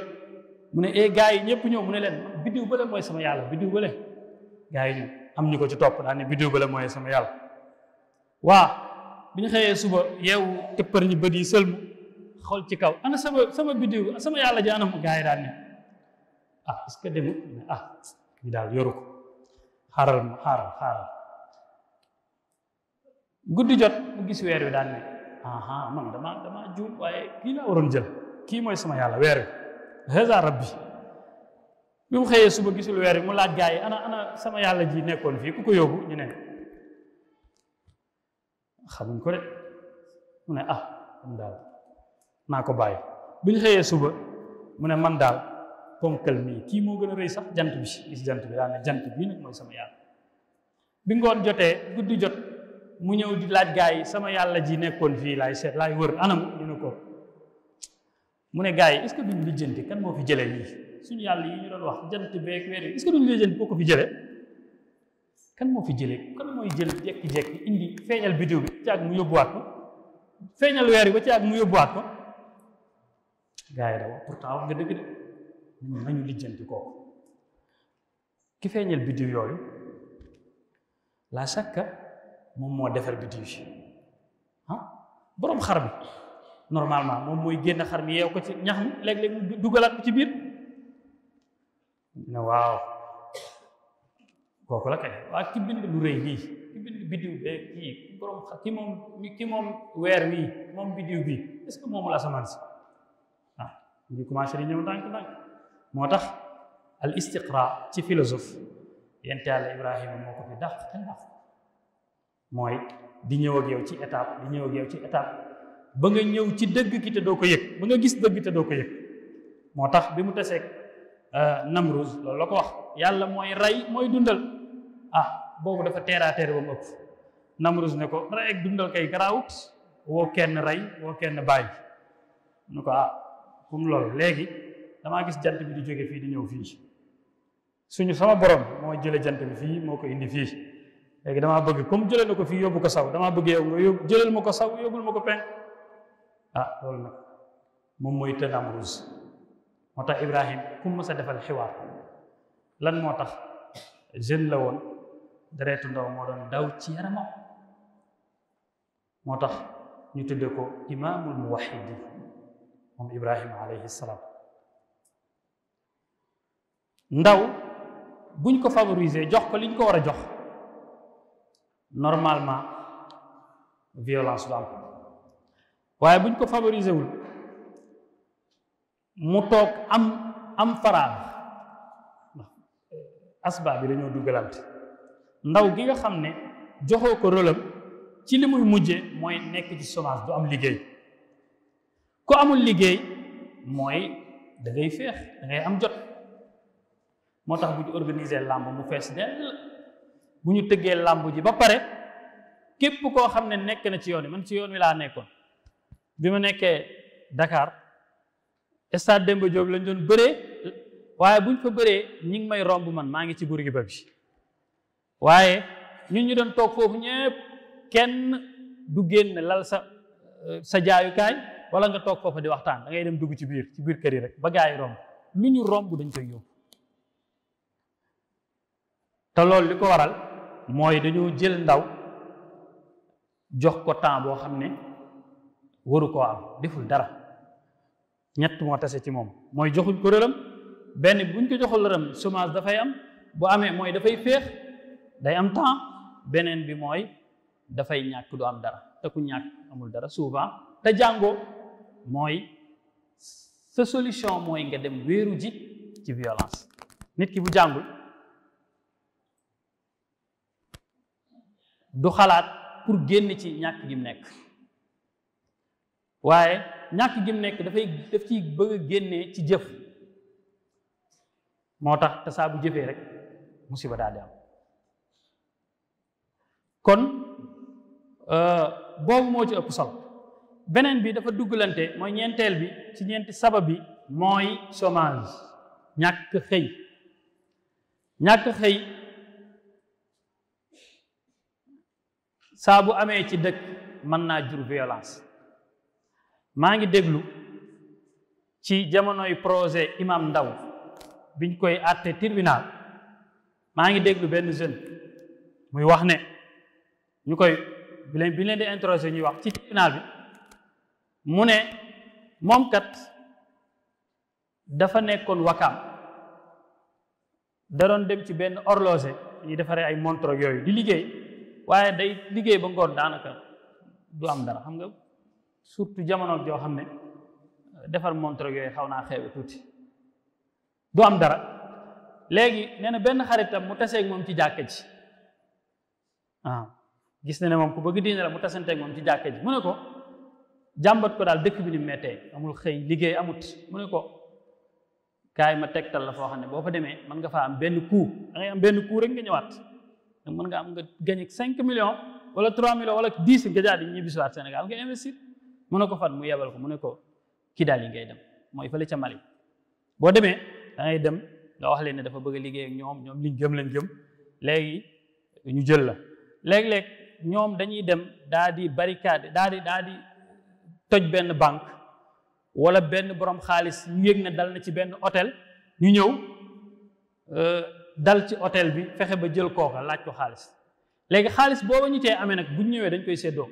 mu ne e eh, gaa yi ñëpp ñëw mu ne leen biddiw bële mooy sama yàlla biddiw bële gaa yi am ñu ko ci topp daal ne biddiw bële mooy sama yàlla waa bi ñu xëyee suba yeewu tëppar ñi bët yi sëlmu xool ci kaw ana sama sama biddiw sama yàlla ji anam gaa yi daal ne ah est-ce ah ñu daal yoru ko xaaral ma guddi jot mu gis weer wi daal ne aha man dama dama juum waaye kii laa waroon jël kii mooy sama yàlla weer wi haza rabbi bi mu xëyee suba gisul weer wi mu laaj gaa yi ana sama yàlla ji nekkoon fii ku ko yóbbu ñu ne xamuñ ko de mu ne ah am daal naa ko bàyyi bi ñu xëyee suba mu ne man daal ponkal mii kii moo gën a rëy sax jant bi gis jant bi daal ne jant bii nag mooy sama yàlla bi ngoon jotee guddi jot mu ñëw di laaj gaa yi sama yàlla ji nekkoon fii laay seet laay wër anam ñu ne ko mu ne gaa yi est ce que duñ lijjanti kan moo fi jële lii suñu yàlla yi ñu doon wax jant beeg weer yi est ce boo ko fi jële kan fi jële kan mooy bi ba ci àgg mu yóbbuwaat ko ci àgg mu yóbbuwaat ko yi da nga dëgg ñu lijjanti kooku ki feeñal biddiw yooyu la sakka moom moo defar bidiw si ah boroom xar mi normalement moom mooy génn xar mi yeew ko ci ñax mi léeg-léeg dugalaat ci biir ne waaw kooku la kay waa ki bind lu rëy lii ki bind bee ki moom weer mi moom bidiw bi est-ce que moomul si ah ñu commencé di ñëw ndànk ndànk moo tax al istiqra ci philosophe yente yàlla ibrahima moo ko fi dàq te dàq mooy di ñëw yow ci étape di ñëw ak yow ci étape ba nga ñëw ci dëgg ki te doo ko yëg ba nga gis dëgg te doo ko yëg moo tax bi mu teseeg euh, Namrus loolu la ko wax yàlla mooy rey mooy dundal ah boobu dafa teeraa teer ba mu ëpp Namrus ne ko rey ak dundal kay garaawut woo kenn rey woo kenn bàyyi nu ko ah kum loolu léegi damaa gis jant bi di jóge fii di ñëw fii suñu sama borom moo jële jant bi fii moo ko indi fii léegi damaa bëgg comme jëlee na ko fii yóbbu ko saw damaa bëgg yow nga yóbbu jëleel ma ko saw yóbbul ma ko penk ah loolu nag moom mooy te Namruus moo tax Ibrahim ku mu mës a defal xiwaar lan moo tax jeune la woon deretu ndaw moo doon daw ci yaramam moo tax ñu tudde ko imaamul muwahidi moom Ibrahim alayhi salaam ndaw buñ ko favoriser jox ko liñ ko war a jox normalement violence du am waaye buñ ko favoriser wul mu toog am am faraax eh, asbaab bi dañoo dugalante ndaw gi nga xam ne joxoo ko rolam ci li muy mujje mooy nekk ci chômage du am liggéey ku amul liggéey mooy dangay ngay féex am jot moo tax bu ñu organiser làmb mu fees dell bu ñu tëggee làmb ji ba pare képp koo xam ne nekk na ci yoon wi man ci yoon wi laa nekkoon bi ma nekkee dakaar stade Demba Diop lañ doon bëree waaye buñ fa bëree ñi ngi may romb man maa ngi ci bur ba bi waaye ñu ñu doon toog foofu ñëpp kenn du génn lal sa sa jaayukaay wala nga toog foofa di waxtaan da ngay dem dugg ci biir ci biir kër yi rek ba gaa romb lu ñu romb dañ koy yóbbu te loolu li ko waral mooy dañoo jël ndaw jox ko temps boo xam ne waru koo am deful dara ñett moo tase ci moom mooy joxuñ ko rëram benn buñ ko joxul rëram chômage dafay am bu amee mooy dafay féex day am temps beneen bi mooy dafay ñàkk du am dara te ku ñàkk amul dara souvent te jàngoo mooy sa solution mooy nga dem wéeru ji ci violence nit ki bu jàngul du xalaat pour génn ci ñàkk gi mu nekk waaye ñàkk gi mu nekk dafay daf ciy bëgg génnee ci jëf moo tax te saa jëfee rek musiba daal di am kon euh, boobu moo ci ëpp sol beneen bi dafa dugglante mooy ñeenteel bi ci ñeenti sabab bi mooy chômage ñàkk xëy ñàkk xëy saa bu amee ci dëkk mën naa jur violence maa ngi déglu ci jamonoy projet imam ndaw biñ koy àtte tribunal maa ngi déglu benn jeune muy wax ne ñu koy bi bilee de leen ñuy wax ci tribunal bi mu ne moom kat dafa nekkoon wakaam da doon dem ci benn horloger ñuy defaree ay montre yooyu di liggéey waaye day liggéey ba ngoon daanaka du am dara xam nga surtout jamono joo xam ne defar montre yooyu xaw naa xeewe tuuti du am dara léegi nee na benn xaritam mu taseeg moom ci jàkka ji waaw ah, gis na ne moom ku bëgg diine mu tasanteeg ci jàkka ji mu ne ko jàmbat ko daal dëkk bi ni mettee amul xëy liggéey amut mu ne ko kaay ma tegtal la foo xam ne boo fa demee mën nga faa am benn coup da am benn kuu rek nga ñëwaat mën nga am nga gagné cinq millions wala trois millions wala dix nga daal di ñibbisiwaat Sénégal nga investir mu ne ko fan mu yebal ko mu ne ko Kidali ngay dem mooy fële ca Mali boo demee da ngay dem nga wax leen ne dafa bëgg a liggéey ak ñoom ñoom liñ gëm lañ gëm léegi ñu jël la léeg-léeg ñoom dañuy dem daa di barricade daa di daa di toj benn banque wala benn borom xaalis ñu yëg na dal na ci benn hôtel ñu ñëw euh, dal ci hôtel bi fexe ba jël kooka laaj ko xaalis léegi xaalis booba ñu cee amee nag bu ñu ñëwee dañ koy séddoo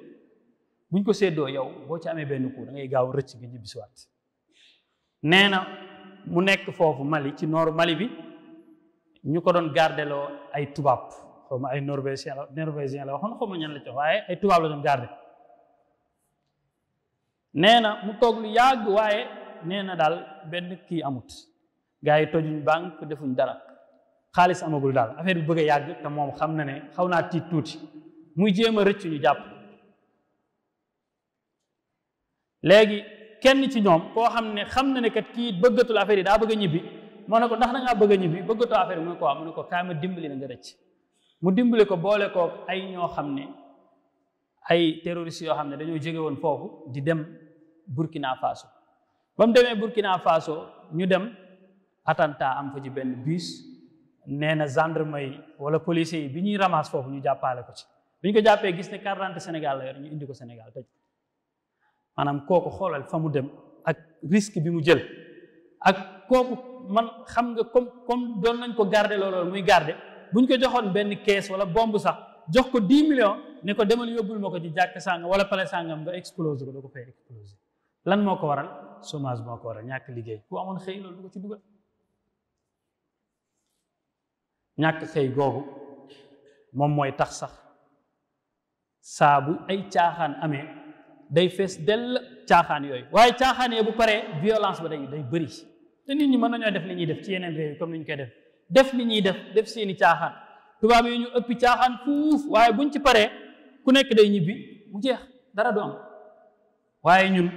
buñ ko séddoo yow boo ci amee benn coup da ngay gaaw rëcc nga ñibbisiwaat nee na mu nekk foofu Mali ci nooru Mali bi ñu ko doon gardeloo ay tubaab xaw ma ay norvégien la norvégien la waxoon xaw ma ñan la ci waaye ay tubaab la doon garde na mu toog lu yàgg waaye nee na daal benn kii amut gars tojuñ banque defuñ dara xaalis amagul daal affaire bi bëgg a yàgg moom xam na ne xaw naa tiit tuuti muy jéem a rëccu ñu jàpp léegi kenn ci ñoom koo xam ne xam na ne kat kii bëggatul affaire yi daa bëgg a ñibbi moo ne ko ndax na ngaa bëgg a ñibbi bëggatoo affaire bi mu ne ko waaw mu ne ko kaay ma dimbali la nga rëcc mu dimbali ko boole kook ay ñoo xam ne ay terroristes yoo xam ne dañoo jege woon foofu di dem Burkina Faso ba demee Burkina Faso ñu dem attentat am fa ci benn bus nee na gendarme yi wala policiers yi bi ñuy ramasse foofu ñu jàppale ko ci bi ñu ko jàppee gis ne carte d'identité Sénégal la yor ñu indi ko Sénégal tëj maanaam kooku xoolal fa mu dem ak risque bi mu jël ak kooku man xam nga comme comme doon nañ ko garder loolu muy garder bu ñu ko joxoon benn kees wala bomb sax jox ko di millions ne ko demal yóbbul ma ko ci jàkk sàngam wala pale sàngam nga explose ko doo ko fay explose lan moo ko waral somage moo ko waral ñàkk liggéey ñàkk xëy googu moom mooy tax sax saa bu ay caaxaan amee day fees dell caaxaan yooyu waaye caaxaan yooyu bu pare violence ba day day bëri te nit ñi mën nañoo def li ñuy def ci yeneen réew yi comme ni ñu koy def def ni ñuy def def seeni caaxaan tubaab yi ñu ëpp caaxaan fuuf waaye buñ ci paree ku nekk day ñibbi mu jeex dara du am waaye ñun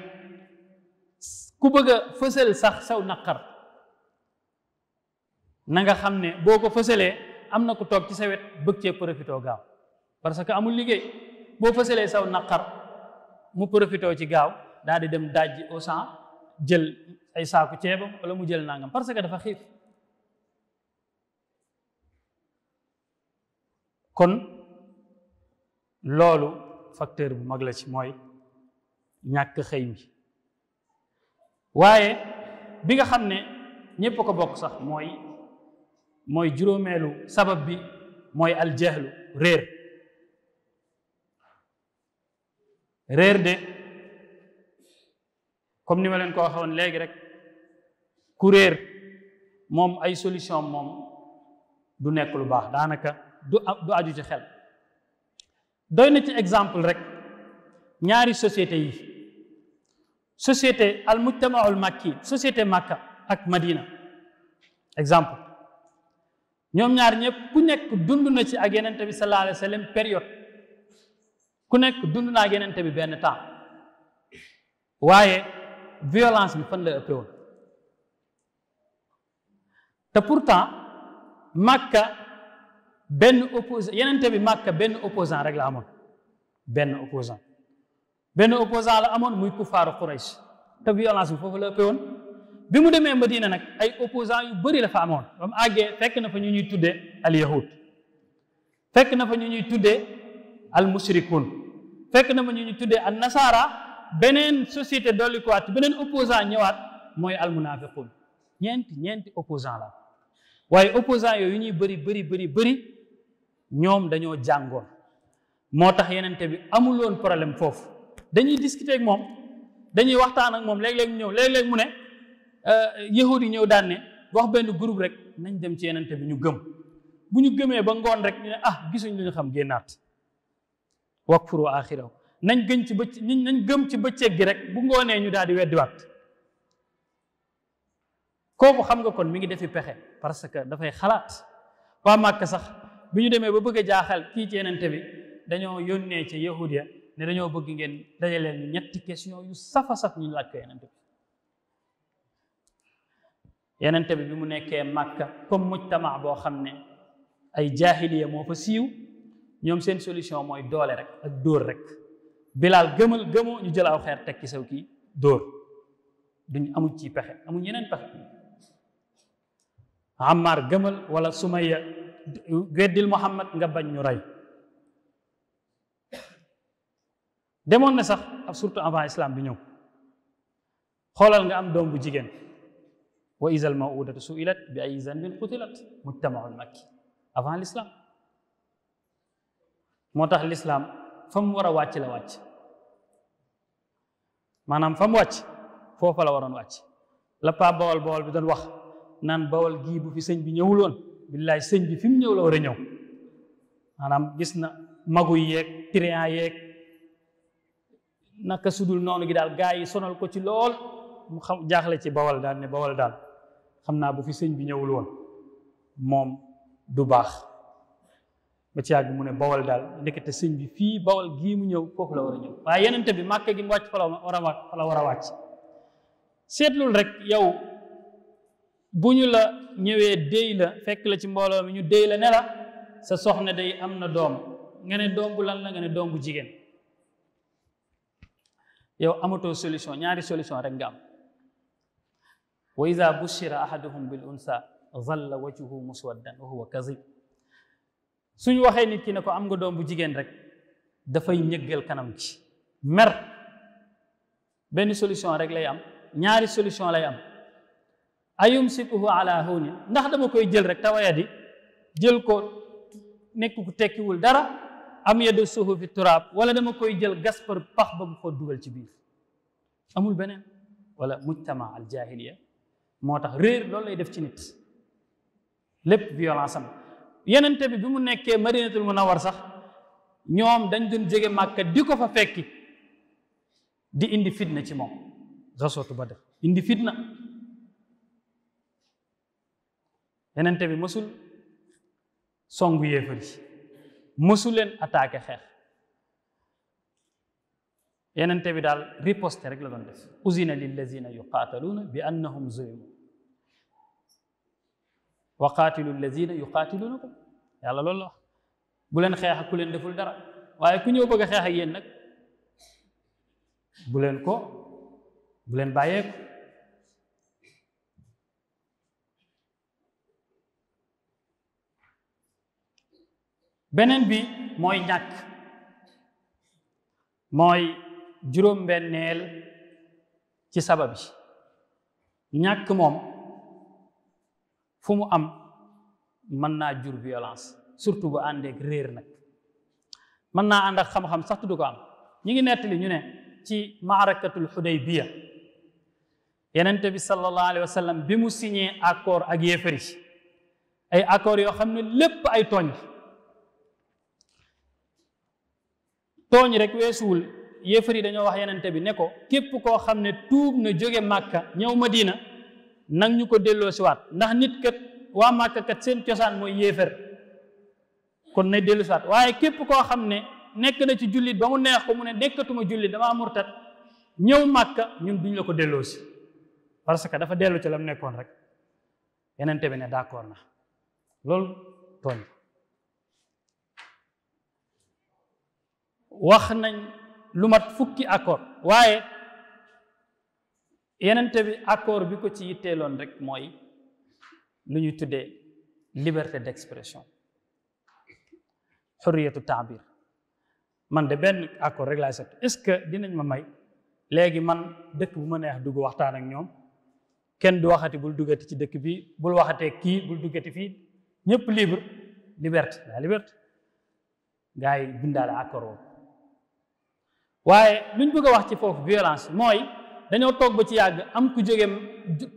ku bëgg a fësal sax saw naqar na nga xam ne boo ko fësalee am na ku toog ci sa wet bëgg cee profitoo gaaw parce que amul liggéey boo fësalee saw naqar mu profitoo ci gaaw daal di dem dajji au champ jël ay saaku ceebam wala mu jël nangam parce que dafa xiif kon loolu facteur bu mag la ci mooy ñàkk xëy mi waaye bi nga xam ne ñépp ko bokk sax mooy mooy juróomeelu sabab bi mooy aljahlu réer réer de comme ni ma leen ko waxoon léegi rek ku réer moom ay solution moom du nekk lu baax daanaka du du aju xel doy na ci exemple rek ñaari société yi société al mujtamaul makki société makka ak madina exemple ñoom ñaar ñëpp ku nekk dund na ci ak yeneen bi sallallahu alayhi wa sallam période ku nekk dund na ak yenente bi benn temps waaye violence bi fan la ëppee woon te pourtant màkka benn yeneen yenente bi màkka benn opposant rek la amoon benn opposant benn opposant amoon muy kufaaru Quraysh te violence bi foofu la ëppee bi mu demee Madina nag ay opposants yu bëri la fa amoon ba mu àggee fekk na fa ñu ñuy tuddee al fekk na fa ñu ñuy tuddee al fekk na fa ñu ñuy tuddee al nasara beneen société dolli ko waat beneen opposant ñëwaat mooy al munafiqun ñeenti ñeenti opposant la waaye opposant yooyu ñuy bëri bëri bëri bëri ñoom dañoo jàngoon moo tax yenente bi amuloon problème foofu dañuy discuter moom dañuy waxtaan ak moom léeg-léeg mu ñëw léeg-léeg mu ne Euh, yahud yi ñëw daan ne wax benn group rek nañ dem ci yenente bi ñu gëm bu ñu gëmee ba ngoon rek ñu ne ah gisuñ lu ñu xam génnaat wakfuru axirahu nañ gën ci bëcc nañ gëm ci bëccëg gi rek bu ngoonee ñu daal di weddiwaat kooku xam nga kon mi ngi defi pexe parce que dafay xalaat waa Màkka sax bi ñu demee ba bëgg jaaxal kii ci yenente bi dañoo yónnee ca yahudiya ne dañoo bëgg ngeen dajaleen ñu ñetti question yu safa saf ñu laaj ko yenente bi yenente bi bi mu nekkee màkka comme mujtama boo xam ne ay jaahiliya moo fa siiw ñoom seen solution mooy doole rek ak dóor rek bilaal gëmal gëmoo ñu jël aw xeer ki sew kii dóor duñu amuñ ci pexe amuñ yeneen pexe Ammar gëmal wala Sumayya weddil Muhammad nga bañ ñu rey demoon na sax surtout avant islam bi ñëw xoolal nga am doom bu jigéen wa izal mawudatu suilat bi ay zanbin qutilat mujtamaul makki avant l'islam moo tax lislaam fa mu war a wàcc la wàcc maanaam fa mu wàcc foofa la waroon wàcc la pa bawol bi doon wax naan bawal gii bu fi sëñ bi ñëwuloon billaay sëñ bi fi mu ñëw la war a ñëw maanaam gis na magu yeeg trian yeeg naka sudul noonu gi daal gaa yi sonal ko ci lool mu xam jaaxle ci bawal daal ne bawol daal xam naa bu fi sëñ bi ñëwul woon moom du baax ba ci yàgg mu ne bawal daal ndekete sëñ bi fii bawal gii mu ñëw foofu la war a ñëw waaye yenente bi màkk gi mu wàcc fa la war a fa war a wàcc seetlul rek yow bu ñu la ñëwee déy la fekk la ci mbooloo mi ñu déy la ne la sa soxna day am na doom nga ne doom bu lan la nga ne doom bu jigéen yow amatoo solution ñaari solution rek nga am wa ida bushira ahaduhum bil unsa zalla wajhuhu muswaddan wa huwa kazib suñu waxee nit ki ne ko am nga doom bu jigéen rek dafay ñëggal kanam ci mer benn solution rek lay am ñaari solution lay am ayumsikuhu ala hunin ndax dama koy jël rek tawayadi jël ko nekk ku tekkiwul dara am yeddo suufu fi turaab wala dama koy jël gaspar pax ba bu ko dugal ci biir amul beneen wala mujtama al moo tax réer loolu lay def ci nit lépp violence am yenente bi bi mu nekkee madinatul munawar sax ñoom dañ doon jege màkka di ko fa fekki di indi fitna ci moom gasootu ba def indi fitna yenente bi mësul songu yéefar yi mësu leen attaqué xeex yenente bi daal riposte rek la doon def usina lillazina yuqaataluuna bi annahum zulimu wa qaatilu allazina yuqaatiluunakum yàlla loolu la wax bu leen xeex leen deful dara waaye ku ñëw bëgg a xeex ak yéen nag bu ko bu leen bàyyeeku beneen bi mooy ñàkk mooy juróom-benneel ci sabab ñàkk moom fu mu am mën naa jur violence surtout bu àndeek réer nag mën naa ànd ak xam-xam sax du am ñu ngi nettali ñu ne ci maarakatul xudaybiya yenente bi sallallahu alayhi wa bi mu signé accord ak yéefari ay accord yoo xam ne lépp ay tooñ tooñ rek weesuwul yéefar yi dañoo wax yenente bi ne ko képp koo xam ne tuub na jóge màkka ñëw madina nang ñu ko delloo waat ndax nit kat waa màkka seen cosaan mooy yéefar kon na dellu waaye képp koo xam ne nekk na ci jullit ba mu neex ko mu ne nekkatuma jullit damaa murtat ñëw màkka ñun duñ la ko delloosi parce que dafa dellu ci la mu nekkoon rek yenente bi ne d'accord na loolu tooñ wax nañ lu mat fukki accord waaye yeneen bi accord bi ko ci yitteeloon rek mooy lu ñuy tuddee liberté d'expression xurriyatu taabir man de benn accord rek laay set est-ce que dinañ ma may léegi man dëkk bu ma neex dugg waxtaan ak ñoom kenn du waxati bul duggati ci dëkk bi bul waxatee kii bul duggati fii ñëpp libre liberté la liberté gars yi bindaale accord waaye luñ bëgg a wax ci foofu violence mooy dañoo toog ba ci yàgg am ku jóge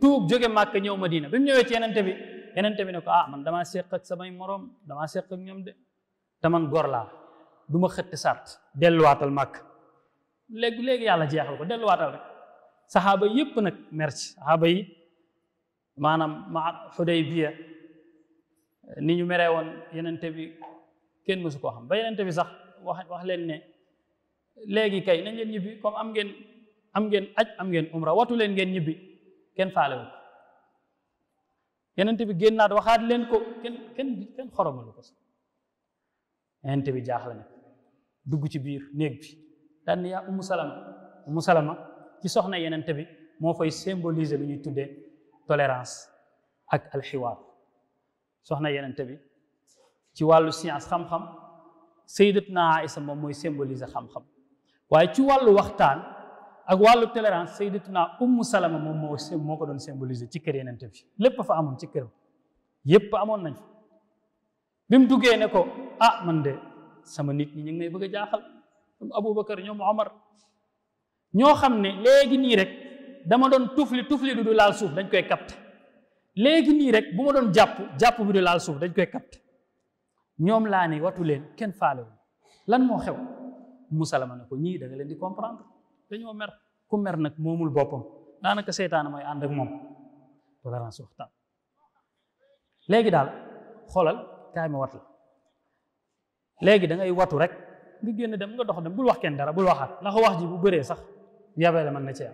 tuub jóge màkk ñëw Madina bi mu ñëwee ci yenente bi yenente bi ne ko ah man damaa seq ak samay moroom damaa seq ak ñoom de te gor laa du ma xëtt sart delluwaatal màkk léegi léegi yàlla jeexal ko delluwaatal rek saxaaba yépp nag merci saxaaba yi maanaam ma Xudaybiya ni ñu meree woon yenente bi kenn mësu koo xam ba yenente bi sax wax ne léegi kay na ngeen ñibbi comme am ngeen am ngeen aj am ngeen umra watu leen ngeen ñibbi kenn faalewu ko yenente bi génnaat waxaat leen ko kenn kenn kenn xoromalu ko sax yenente bi jaaxle na dugg ci biir néeg bi daan ne yaa umu salama umu salama ci soxna yeneen bi moo fay symboliser lu ñuy tuddee tolérance ak alxiwaar soxna yenente bi ci wàllu science xam-xam sayyidatna Aïsa moom mooy symboliser xam-xam waaye ci wàllu waxtaan ak wàllu tolérance sayyidatuna ummu salama moom moo moo ko doon symboliser ci kër yenente bi lépp fa amoon ci këram yépp amoon nañ bi mu duggee ne ko ah man de sama nit ñi ñu ngi may bëgg a jaaxal ñoom Aboubacar ñoom Omar ñoo xam ne léegi nii rek dama doon tufli tufli du laal suuf dañ koy capté léegi nii rek bu ma doon jàpp jàpp bi du laal suuf dañ koy capté ñoom laa ne watu leen kenn faale lan moo xew Moussa la ma ne ko ñii da leen di comprendre dañoo mer ku mer nag moomul boppam daanaka seytaane mooy ànd ak moom tolérance waxtaan léegi daal xoolal kaay ma wat la léegi da ngay watu rek nga génn dem nga dox dem bul wax kenn dara bul waxaat ndax wax ji bu bëree sax yabele man na ci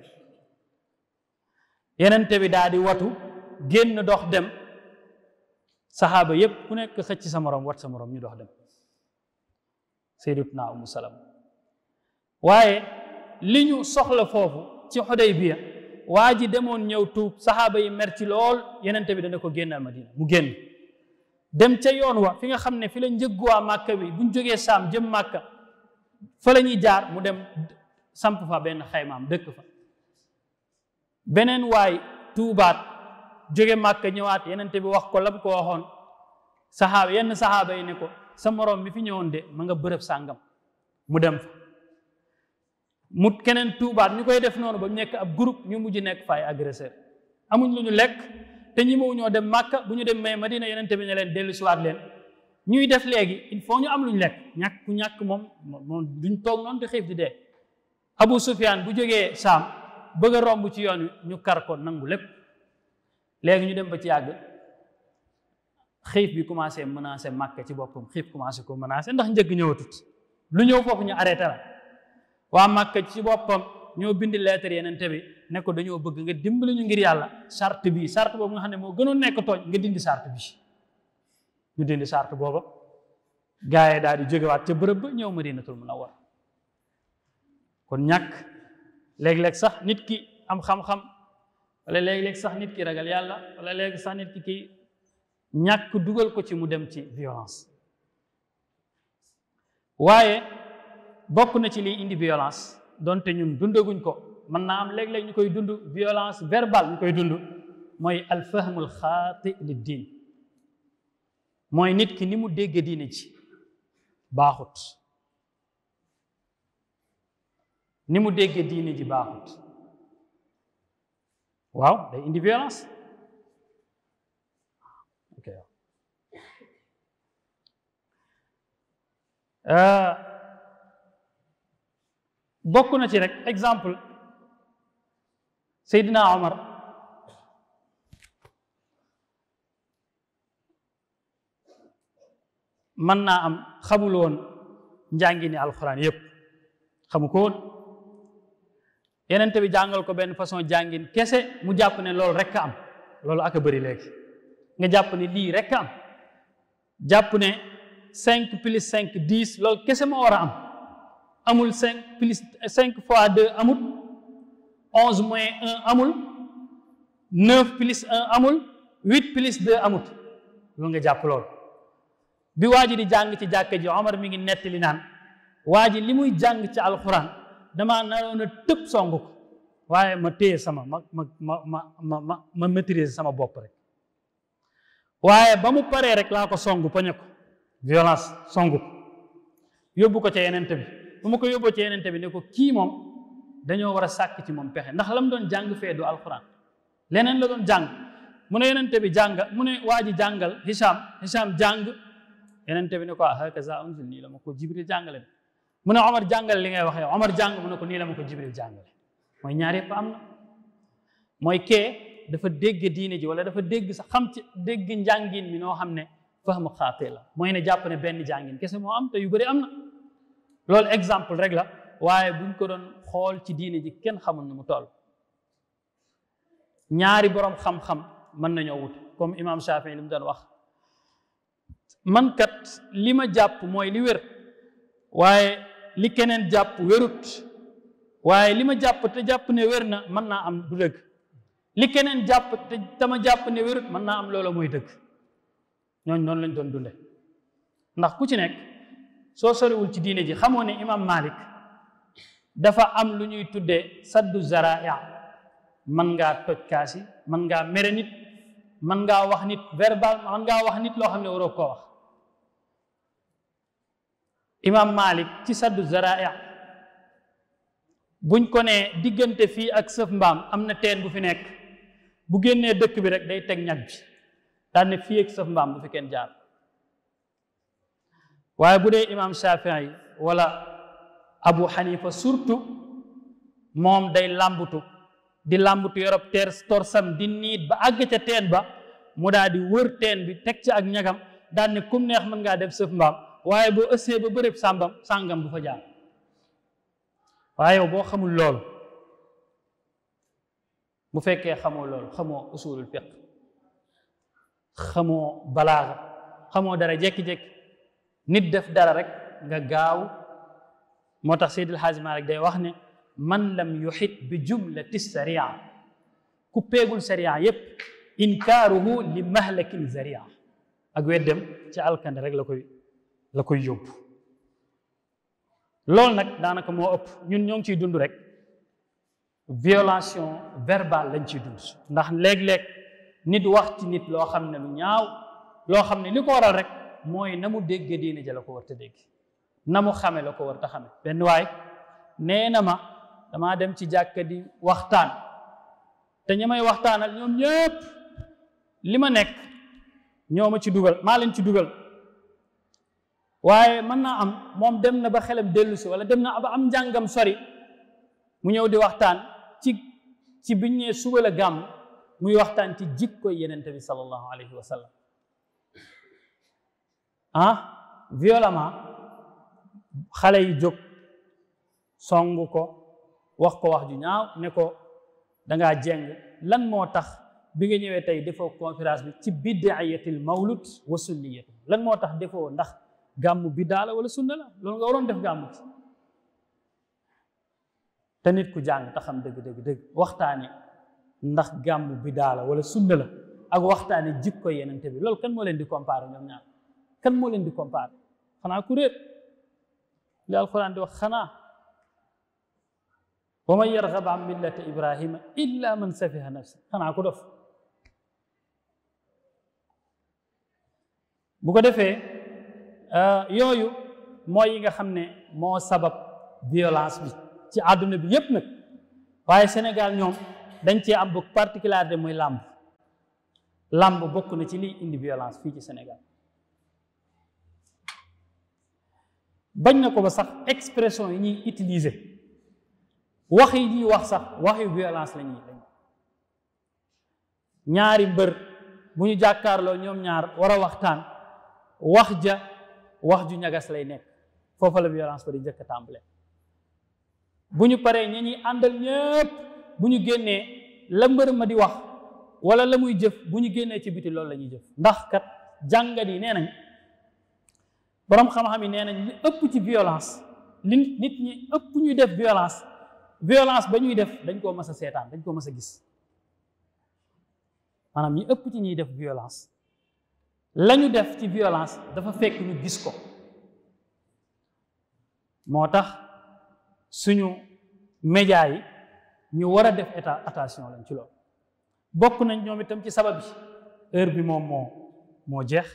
yeneente bi daal di watu génn dox dem saxaaba yépp ku nekk xëcc sa morom wat sa morom ñu dox dem sayyidatuna Umu Salama waaye li ñu soxla foofu ci Xudaybiya waa ji demoon ñëw tuub saxaaba yi merci ci lool yenente bi dana ko génnal Madina mu génn dem ca yoon wa fi nga xam ne fi la njëggu waa Màkka bi buñ jógee Saam jëm Màkka fa la ñuy jaar mu dem samp fa benn xaymaam dëkk fa beneen waay tuubaat jóge Màkka ñëwaat yenente bi wax ko lam ko waxoon saxaaba yenn saxaaba yi ne ko sa moroom bi fi ñëwoon de ma nga bërëb sàngam mu dem fa mu keneen tuubaat ñu koy def noonu ba mu nekk ab group ñu mujj nekk fay agresseur amuñ lu ñu lekk te ñi maw ñoo dem màkka bu ñu dem may madina yeneen tamit ne leen dellu siwaat leen ñuy def léegi il ñu am lu ñu lekk ñàkk ñàkk moom moom duñ toog noonu di xiif di dee Abu bu jógee saam bëgg romb ci yoon ñu kar ko nangu lépp léegi ñu dem ba ci yàgg xiif bi commencé menacé màkk ci boppam xiif commencé ko menacé ndax njëgg ñëwatut lu ñëw foofu ñu arrêté la waa Màkka ci boppam ñoo bindi lettre yeneen bi ne ko dañoo bëgg nga dimbali ñu ngir yàlla charte bi charte boobu nga xam ne moo gënoon nekk tooñ nga dindi charte bi ñu dindi charte booba gaa yi daal di jógewaat ca bërëb ba ñëw Madinatul Munawwar kon ñàkk léeg-léeg sax nit ki am xam-xam wala léeg-léeg sax nit ki ragal yàlla wala léeg sax nit ki kii ñàkk dugal ko ci mu dem ci violence waaye bokk na ci liy indi violence donte ñun dundaguñ ko mën naa am léeg-léeg ñu koy dund violence verbale ñu koy dund mooy alfahmul xaati li mooy nit ki ni mu dégge diine ji baaxut ni mu dégge diine ji baaxut waaw day indi violence euh, bokk na ci rek exemple Seydina amar mën naa am xamul woon alxuraan yépp xamu ko woon yeneen bi jàngal ko benn façon jàngin kese mu jàpp ne loolu rekk am loolu aka bari bëri léegi nga jàpp ne lii rek am jàpp ne cinq plus cinq dix loolu kese moo war a am amul cinq plus cinq fois deux amut onze moins amul neuf plus un amul huit plus deux amul lu nga jàpp lool bi waajur ji di jàng ci jàkka ji Omar mi ngi nettali naan waa ji li muy jàng ci alxuraan dama naroon a tëb song ko waaye ma téye sama ma ma ma ma ma ma maîtriser sama bopp rek waaye ba mu paree rek laa ko songu poñe ko violence song ko yóbbu ko ca yeneen bi bu ko yóbboo ci yenente bi ne ko kii moom dañoo war a sàkk ci moom pexe ndax lam doon jàng fee du alquran leneen la doon jàng mu ne yenente bi jàng mu ne waa ji jàngal Hisham Hisham jàng yenente bi ne ko ah, hakaza nii la ma ko Jibril jàngale mu ne Omar jàngal li ngay wax yow Omar jàng mu ko nii la ma ko Jibril jàngale mooy ñaar yëpp am na mooy kee dafa dégg diine ji wala dafa dégg sax xam ci dégg njàngin mi noo xam ne fahmu xaati la mooy ne jàpp ne benn jàngin kese moo am te yu am na loolu exemple rek la waaye buñ ko doon xool ci diine ji kenn xamul nu mu tool ñaari boroom xam-xam mën nañoo wut comme imam Shafii li mu doon wax man kat li ma jàpp mooy ni wér waaye li keneen jàpp wérut waaye li ma jàpp te jàpp ne wér na mën naa am du dëgg li keneen jàpp te tama jàpp ne wérut mën naa am loola mooy dëgg ñooñ noonu lañ doon dunde ndax ku ci nekk soo soriwul ci diine ji xamoo ne imam malik dafa am lu ñuy tudde saddu zaraa mën ngaa toj kaasi mën ngaa mere nit mën ngaa wax nit verbal mën ngaa wax nit loo xam ne waroo koo wax imam malik ci saddu zaraa buñ ko nee diggante fii ak sëf mbaam am na teen bu fi nekk bu génnee dëkk bi rek day teg ñag bi daal fii ak sëf mbaam bu fi kenn jaar waaye bu dee imaam yi wala Abu Hanifa surtout moom day làmbutu di làmbutu yorob teer torsam di niit ba àgg ca teen ba mu daal di wër teen bi teg ci ak ñagam daan ne kum neex mën ngaa def sëf mbaam waaye boo ëssee ba bërëb sàmbam sàngam bu fa jaar waaye boo xamul loolu bu fekkee xamoo loolu xamoo usulul fiq xamoo balaaxa xamoo dara jekki-jekki nit def dara rek nga gaaw moo tax Seydil Hadji Malick day wax ne man lam yuxit bi jumlati saria ku péegul saria yépp inkaaruhu li mahlakin zaria ak weddem ci alkande rek la koy la koy yóbbu loolu nag daanaka moo ëpp ñun ñoo ngi ciy dund rek violation verbale lañ ciy dund ndax léeg-léeg nit wax nit loo xam ne lu ñaaw loo xam ne li ko rek mooy na mu déggee diine ja la ko war te dégg na mu xame la ko war ta xame benn waaye nee na ma damaa dem ci jàkka di waxtaan te ña may waxtaanal ñoom ñëpp li ma nekk ñoo ma ci dugal maa leen ci dugal waaye mën naa am moom dem na ba xelam dellusi si wala dem na ba am njàngam sori mu ñëw di waxtaan ci ci biñ ñee suba la gàmm muy waxtaan ci jikkoy yenente bi sallallahu alayhi wa ah violemment xale yi jóg songu ko wax ko wax ju ñaaw ne ko dangaa jeng lan moo tax bi nga ñëwee tey defoo conférence bi ci bidaayatil mawlud wa sunniyati lan moo tax defoo ndax gàmm bi la wala sunna la loolu nga waroon def gàmmu ci te nit ku jàng te dëgg dëgg dëgg ndax gàmmu bidaa la wala sunna la ak waxtaane jikko yenente bi loolu kan moo leen di comparé ñoom ñaar kan moo leen di comparé xanaa ku réer li di wax xanaa wa man yargab an millati ibrahima illa man safiha nafsi xanaa ku dof bu ko defee euh, yooyu mooy yi nga xam ne moo sabab violence bi ci àdduna bi yépp nag waaye Sénégal ñoom dañ cee am bu particularité muy làmb làmb bokk na ci li indi violence fii ci Sénégal bañ na ko ba sax expression yi ñuy utiliser wax yi ñuy wax sax waxi violence la ñuy ñaari mbër bu ñu jàkkaarloo ñoom ñaar war a waxtaan wax ja wax ju ñagas lay nekk foofa la violence ba di njëkk a tàmbale bu ñu paree ñi ñuy àndal ñëpp bu ñu génnee la mbër ma di wax walla la muy jëf bu ñu génnee ci biti loolu la ñuy jëf ndax kat jàngat yi nee nañ boroom xam yi nee nañ li ëpp ci violence li nit ñi ëpp ñuy def violence violence ba ñuy def dañ koo mës a seetaan dañ koo mës a gis maanaam ñi ëpp ci ñuy def violence lañu def ci violence dafa fekk ñu gis ko moo tax suñu média yi ñu war a def état attention lañ ci lool bokk nañ ñoom itam ci sabab yi heure bi moom moo moo jeex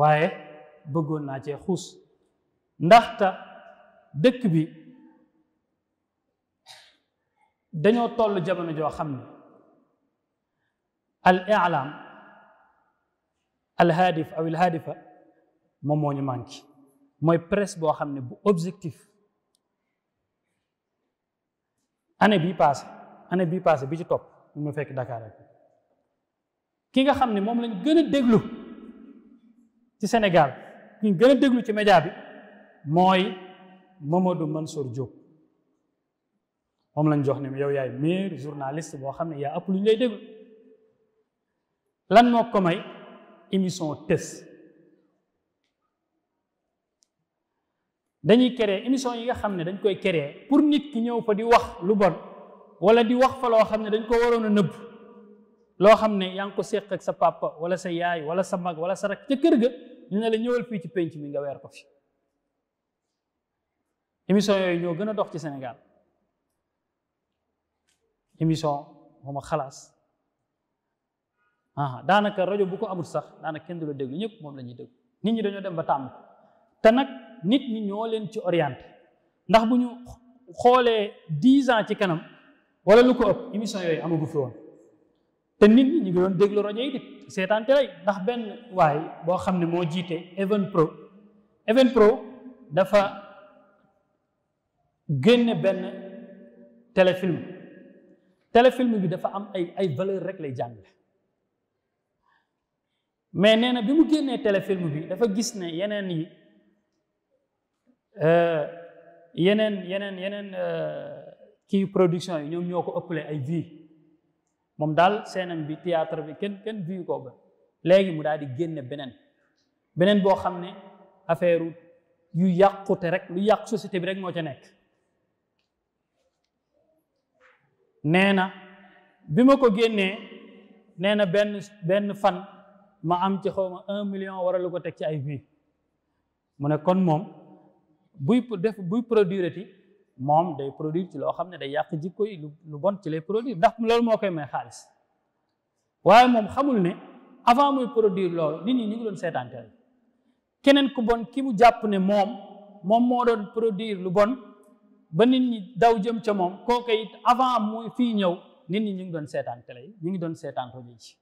waaye bëggoon naa cee xus ndaxta dëkk bi dañoo toll jamono joo xam ne al i'laam al haadif aw al haadifa moom moo ñu manqué mooy presse boo xam ne bu objectif année bii passé année bii passé bi ci topp ñu ma fekk Dakar ak ki nga xam ne moom lañ gën a déglu ci Sénégal ñu gën a déglu ci média bi mooy du Mamadou Mansour jóg moom lañ jox ne yow yaay meilleur journaliste boo xam ne yaa ëpp lu ñu lay déglu lan moo ko may émission tes dañuy créer émission yi nga xam ne dañ koy créer pour nit ki ñëw fa di wax lu bon wala di wax fa loo xam ne dañ ko waroon a nëbb loo xam ne yaa ngi ko séq ak sa papa wala sa yaay wala sa mag wala sa rak ca kër ga ñu ne la ñëwal fii ci penc mi nga weer ko fi émission yooyu ñoo gën a dox ci Sénégal émission ma xalaas ah daanaka rajo bu ko amul sax daanaka kenn du la dégg ñëpp moom la ñuy déglu nit ñi dañoo dem ba tàmm te nag nit ñi ñoo leen ci orienté ndax bu ñu xoolee dix ans ci kanam wala lu ko ëpp émission yooyu amagu fi woon. te nit ñi ñu ngi doon déglu rajo yi di seetaan télé ndax benn waay boo xam ne moo jiite Even Pro Even Pro dafa génne benn téléfilm téléfilm bi dafa am ay ay valeur rek lay jàngale mais nee na bi mu génnee téléfilm bi dafa gis ne yeneen yi euh, yeneen yeneen yeneen euh, kii production yi ñoom ñoo ko ëppale ay vie moom daal seenam bi théâtre bi kenn kenn duyu ko ba léegi mu daal di génne beneen beneen boo xam ne affaire yu yàqute rek lu yàq société bi rek moo ca nekk nee na bi ma ko génnee nee na benn benn fan ma am ci xaw ma un million wara lu ko teg ci ay vues mu ne kon moom buy def buy produire moom day produire ci loo xam ne day yàq jikko yi lu bon ci lay produire ndax loolu moo koy may xaalis waaye moom xamul ne avant muy produire loolu nit ñi ñu ngi doon seetaan télé keneen ku bon ki mu jàpp ne moom moom moo doon produir lu bon ba nit ñi daw jëm ca moom kooku it avant mooy fii ñëw nit ñi ñu ngi doon seetaan télé ñu ngi doon seetaan rajo yi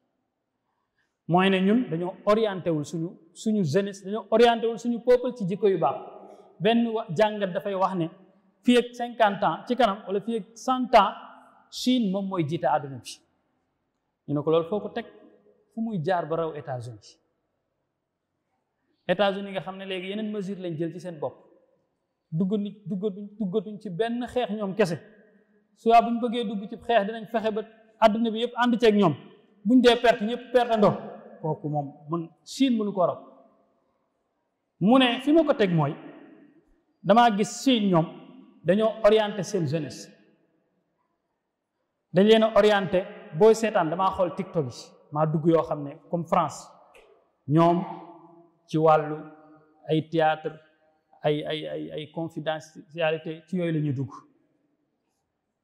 mooy ne ñun dañoo orienté wul suñu suñu jeunesse dañoo orienté wul suñu peuple ci jikko yu baax benn jàngat fii ak cinquante ans ci kanam wala fii ak cent ans Chine moom mooy jiite àdduna bi ñu ne ko loolu foo ko teg fu muy jaar ba raw États-Unis États-Unis nga xam ne léegi yeneen mesure lañ jël ci seen bopp duggani duggatuñ duggatuñ ci benn xeex ñoom kese soit buñ bëggee dugg ci xeex dinañ fexe ba àdduna bi yëpp ànd ceeg ñoom buñ dee perte ñëpp perte ndox kooku moom mun Chine mënu ko raw mu ne fi ma ko teg mooy dama gis Chine ñoom dañoo orienté seen jeunesse dañ leen a orienté booy seetaan damaa xool TikTok yi maa dugg yoo xam ne comme France ñoom ci wàllu ay théâtre ay ay ay ay confidentialité ci yooyu la ñuy dugg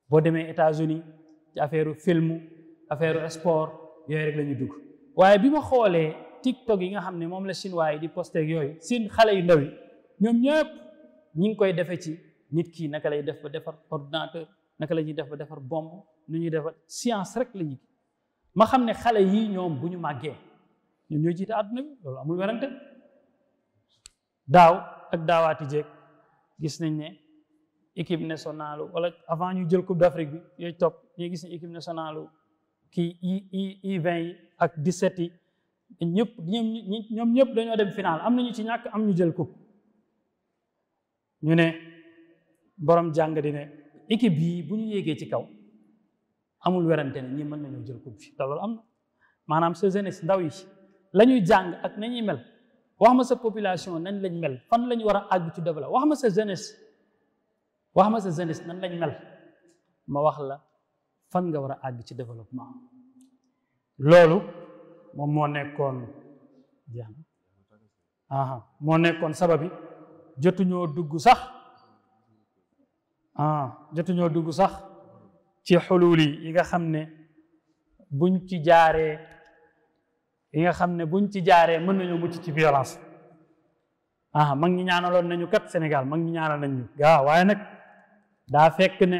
boo demee États-Unis ci affaire film affaire sport yooyu rek la ñuy dugg waaye bi ma xoolee TikTok yi nga xam ne moom la chinois yi di posté yooyu seen xale yu ndaw yi ñoom ñëpp ñu ngi koy defe ci nit kii naka lay def ba defar ordinateur naka la ñuy def ba defar bomb nu ñuy defar science rek lañu ki ma xam ne xale yii ñoom bu ñu màggee ñoom ñoo jiite àdduna bi loolu amul werante daaw ak daawaati jéeg gis nañ ne équipe nationale walla avant ñu jël coupe d'Afrique bi yooyu topp ñuy gis ne équipe nationale kii i i yi ak dix-sept yi ñëpp ñoom ñoom ñëpp dañoo dem final am nañu ci ñàkk am ñu jël coupe ñu ne borom jàng di ne équipe bii bu ñu yéegee ci kaw amul werante ne ñi mën nañoo jël coupe bi te am maanaam sa jeunesse ndaw yi la ñuy jàng ak nañuy mel wax ma sa population nañ lañ mel fan lañ war a àgg ci développement wax ma sa jeunesse wax ma sa jeunesse nan mel ma wax la fan nga war a àgg ci développement loolu moom moo nekkoon jeex na moo nekkoon sababi jotuñoo dugg sax Ah, jotuñoo dugg sax ci xulul yi nga xam ne buñ ci jaaree yi nga xam ne buñ ci jaaree mën nañoo mucc ci violence ah mag ñi ñaanaloon nañu kat Sénégal mag ñi ñaanal nañu gaa waaye nag daa fekk ne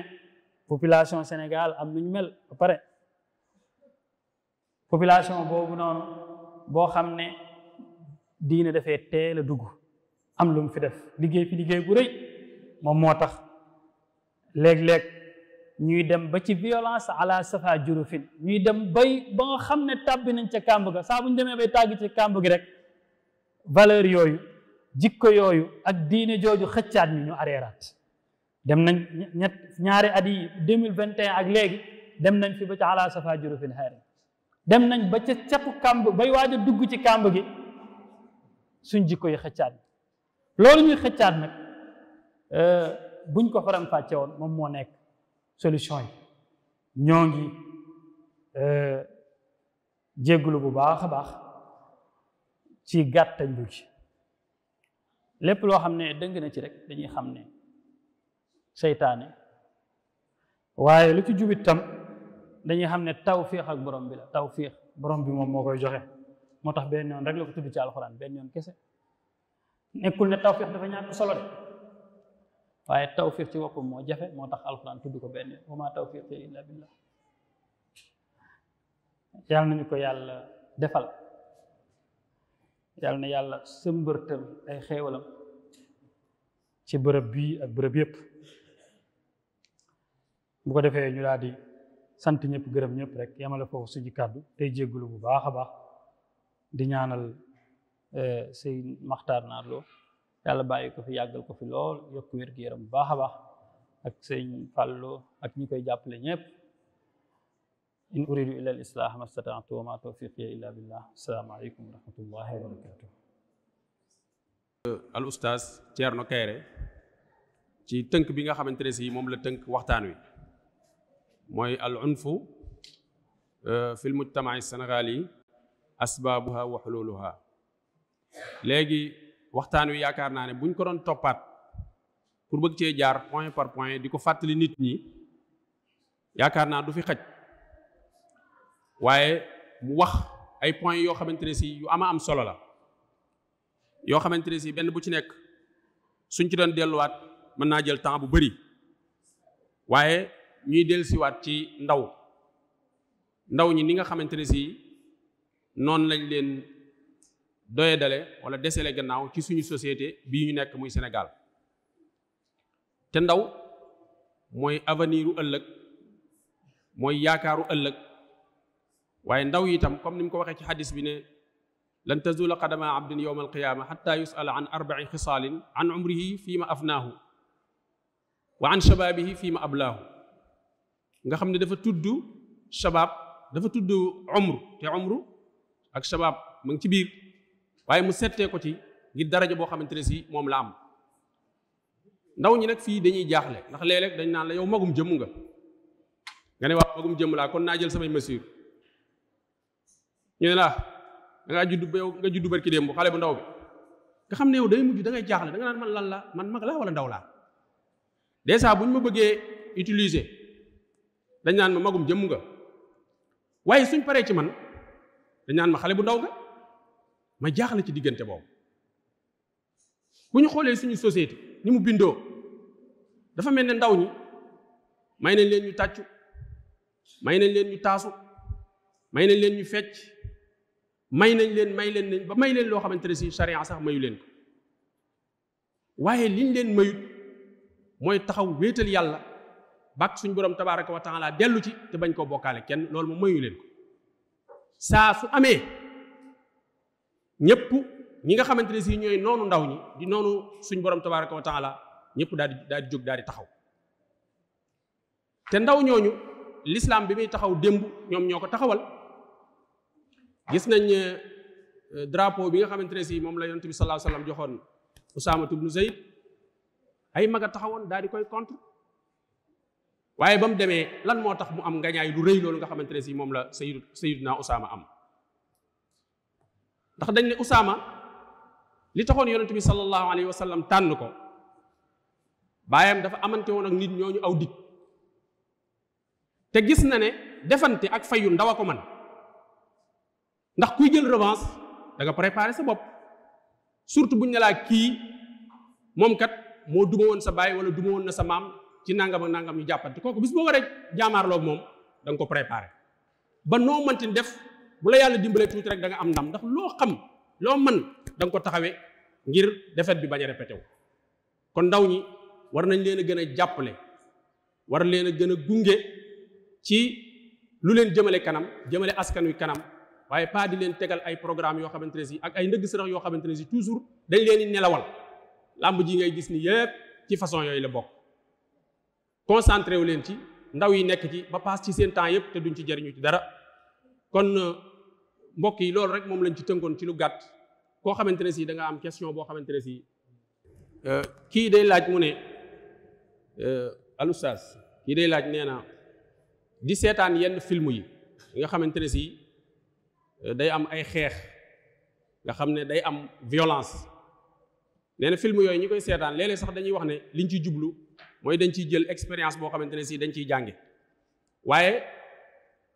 population Sénégal am nañu mel ba pare population boobu noonu boo xam ne diine dafee teel a dugg am lu mu fi def liggéey fi liggéey bu moom moo tax léeg-léeg ñuy dem ba ci violence ala safa jurufin ñuy dem bay ba nga xam ne tàbbi nañ ca kàmb ga saa bu demee bay tàgg ci kàmb gi rek valeur yooyu jikko yooyu ak diine jooju xëccaat ñu ñu areeraat dem nañ ñett ñaari at yi mille vingt et ak léegi dem nañ fi ba ca ala safa jurufin xeeri dem nañ ba ca capu kàmb bay waaj dugg ci kàmb gi suñ jikko yi xëccaat loolu ñuy xëccaat nag euh, buñ ko faram-fàcce woon moom moo nekk solution yi ñoo ngi euh, jégglu bu baax a baax ci gàttañ lu ci lépp loo xam ne dëng na ci rek dañuy xam ne seytaane waaye lu ci jubit tam dañuy xam ne tawfiix ak borom bi la tawfiix borom bi moom moo koy joxe moo tax benn yoon rek la ko tudd ci alxuraan benn yoon kese nekkul ne tawfiix dafa ñàkk solo de waaye taw tawfiq ci woppam moo jafe moo tax alxuraan tudd ko benn wa maa tawfiq illa billah yàlla nañu ko yàlla defal yàlla na yàlla sëmbërtal ay xéewalam ci bërëb bii ak bërëb yépp bu ko defee ñu daal di sant ñëpp gërëb ñëpp rek yamale foofu suñu kàddu tey jéggulu bu baax a baax di ñaanal eh, sëy maxtaar naa loo yàlla bàyyi ko fi yàggal ko fi lool yokk wér-gu-yaram bu baax a baax ak sëñ Fàllu ak ñi koy jàppale ñëpp in uridu illa al islah ma stata'tu wa ma illa billah assalaamu aleykum wa rahmatullahi wa al oustaz Thierno Kairé ci tënk bi nga xamante ne si moom la tënk waxtaan wi mooy al unfu euh, fi l mujtamaai sénégal yi asbaabuha wa xuluuluha léegi waxtaan wi yaakaar naa ne ñu ko doon toppaat pour bëgg cee jaar point par point di ko fàttali nit ñi yaakaar naa du fi xaj waaye bu wax ay point yoo xamante ne si yu ama am solo la yoo xamante ne si benn bu ci nekk suñ ci doon delluwaat mën naa jël temps bu bari waaye ñuy dellusiwaat ci ndaw ndaw ñi ni nga xamante si noonu lañ leen doye dale wala desele gannaaw ci suñu société bii ñu nekk muy Sénégal te ndaw mooy avenir ëllëg mooy yaakaaru ëllëg waaye ndaw itam comme ni mu ko waxee ci xadis bi ne lan tazula qadama abdin yowma alqiyaama xatta yusala an arbai xisaalin an umrihi fi ma afnaahu wa an shabaabihi fi ma ablaahu nga xam ne dafa tudd shabaab dafa tudd umr te umr ak shabaab mu ngi ci biir waaye mu settee ko ci ngir daraja boo xamante ne si moom la am ndaw ñi nag fii dañuy jaaxle ndax léeg-léeg dañ naan la yow magum jëmm nga nga ne waaw magum jëmm laa kon naa jël samay mesure ñu la da ngaa judd ba yow nga judd barki démb bu ndaw nga xam ne yow day mujj da ngay jaaxle da nga man lan la man mag laa wala ndaw laa dèjà bu ma bëggee utiliser dañ naan magum jëmm nga waaye suñ paree ci man dañ naan ma xale bu ndaw nga ma na ci diggante boobu bu ñu xoolee suñu société ni mu bindoo dafa mel ne ndaw ñu may nañ leen ñu tàccu may nañ leen ñu taasu may nañ leen ñu fecc may nañ leen may leen nañ ba may leen loo xamante ne si charia sax mayu leen ko waaye liñ leen mayut mooy taxaw wéetal yàlla bàkk suñ boroom tabaraka wa taala dellu ci te bañ koo bokkaale kenn loolu mu mayu leen ko saa su amee ñëpp ñi nga xamante ne si ñooy noonu ndaw ñi di noonu suñ borom tabaraka wa taala ñëpp daal di daal di jóg daal di taxaw te ndaw ñooñu lislaam bi muy taxaw démb ñoom ñoo ko taxawal gis nañ euh, drapeau bi nga xamante ne si moom la yonent bi sallallahu alayhi wasallam joxoon Usaamatu ibnu Zayd ay mag a taxawoon daal di koy contre waaye ba mu demee lan moo tax mu am ngañaay lu rëy loolu nga xamante ne si moom la sayid sayiduna Usaama am ndax dañ ne Usaama li taxoon yonent bi sallallahu alayhi wa sallam tànn ko baayam dafa amante woon ak nit ñooñu aw dig te gis na ne defante ak fayu ndaw a ko man ndax kuy jël revanche danga prépare sa bopp surtout buñ ne laa kii moom kat moo duma woon sa baay wala duma woon na sa maam ci nangam ak yu ñu jàppante kooku bis boo waree jaamaarloo moom danga ko préparer ba noo mënti def bu la yàlla dimbalee tuuti rek danga nga am ndam ndax loo xam loo man da nga ko taxawe ngir defet bi bañ a répété kon ndaw ñi war nañ leen gën a jàppale war a leen a gën a gunge ci lu leen jëmale kanam jëmale askan wi kanam waaye pas di leen tegal ay programme yoo xamante ne si ak ay ndëgg sërëx yoo xamante ne si toujours dañ leen di nelawal làmb ji ngay gis ni yépp ci façon yooyu la bokk concentré wu leen ci ndaw yi nekk ci ba paas ci seen temps yépp te duñ ci jariñu ci dara kon euh, mbokk yi loolu rek moom lañ ci tënkoon ci lu gàtt koo xamante ne si da nga am question boo xamante ne si euh, kii day laaj mu ne euh, alustas kii day laaj nee na di seetaan yenn film yi nga xamante ne si day am ay xeex nga xam ne day am violence nee film yooyu ñu koy seetaan léeg sax dañuy wax ne liñ ciy jublu mooy dañ ciy jël expérience boo xamante ne si dañ ciy jànge waaye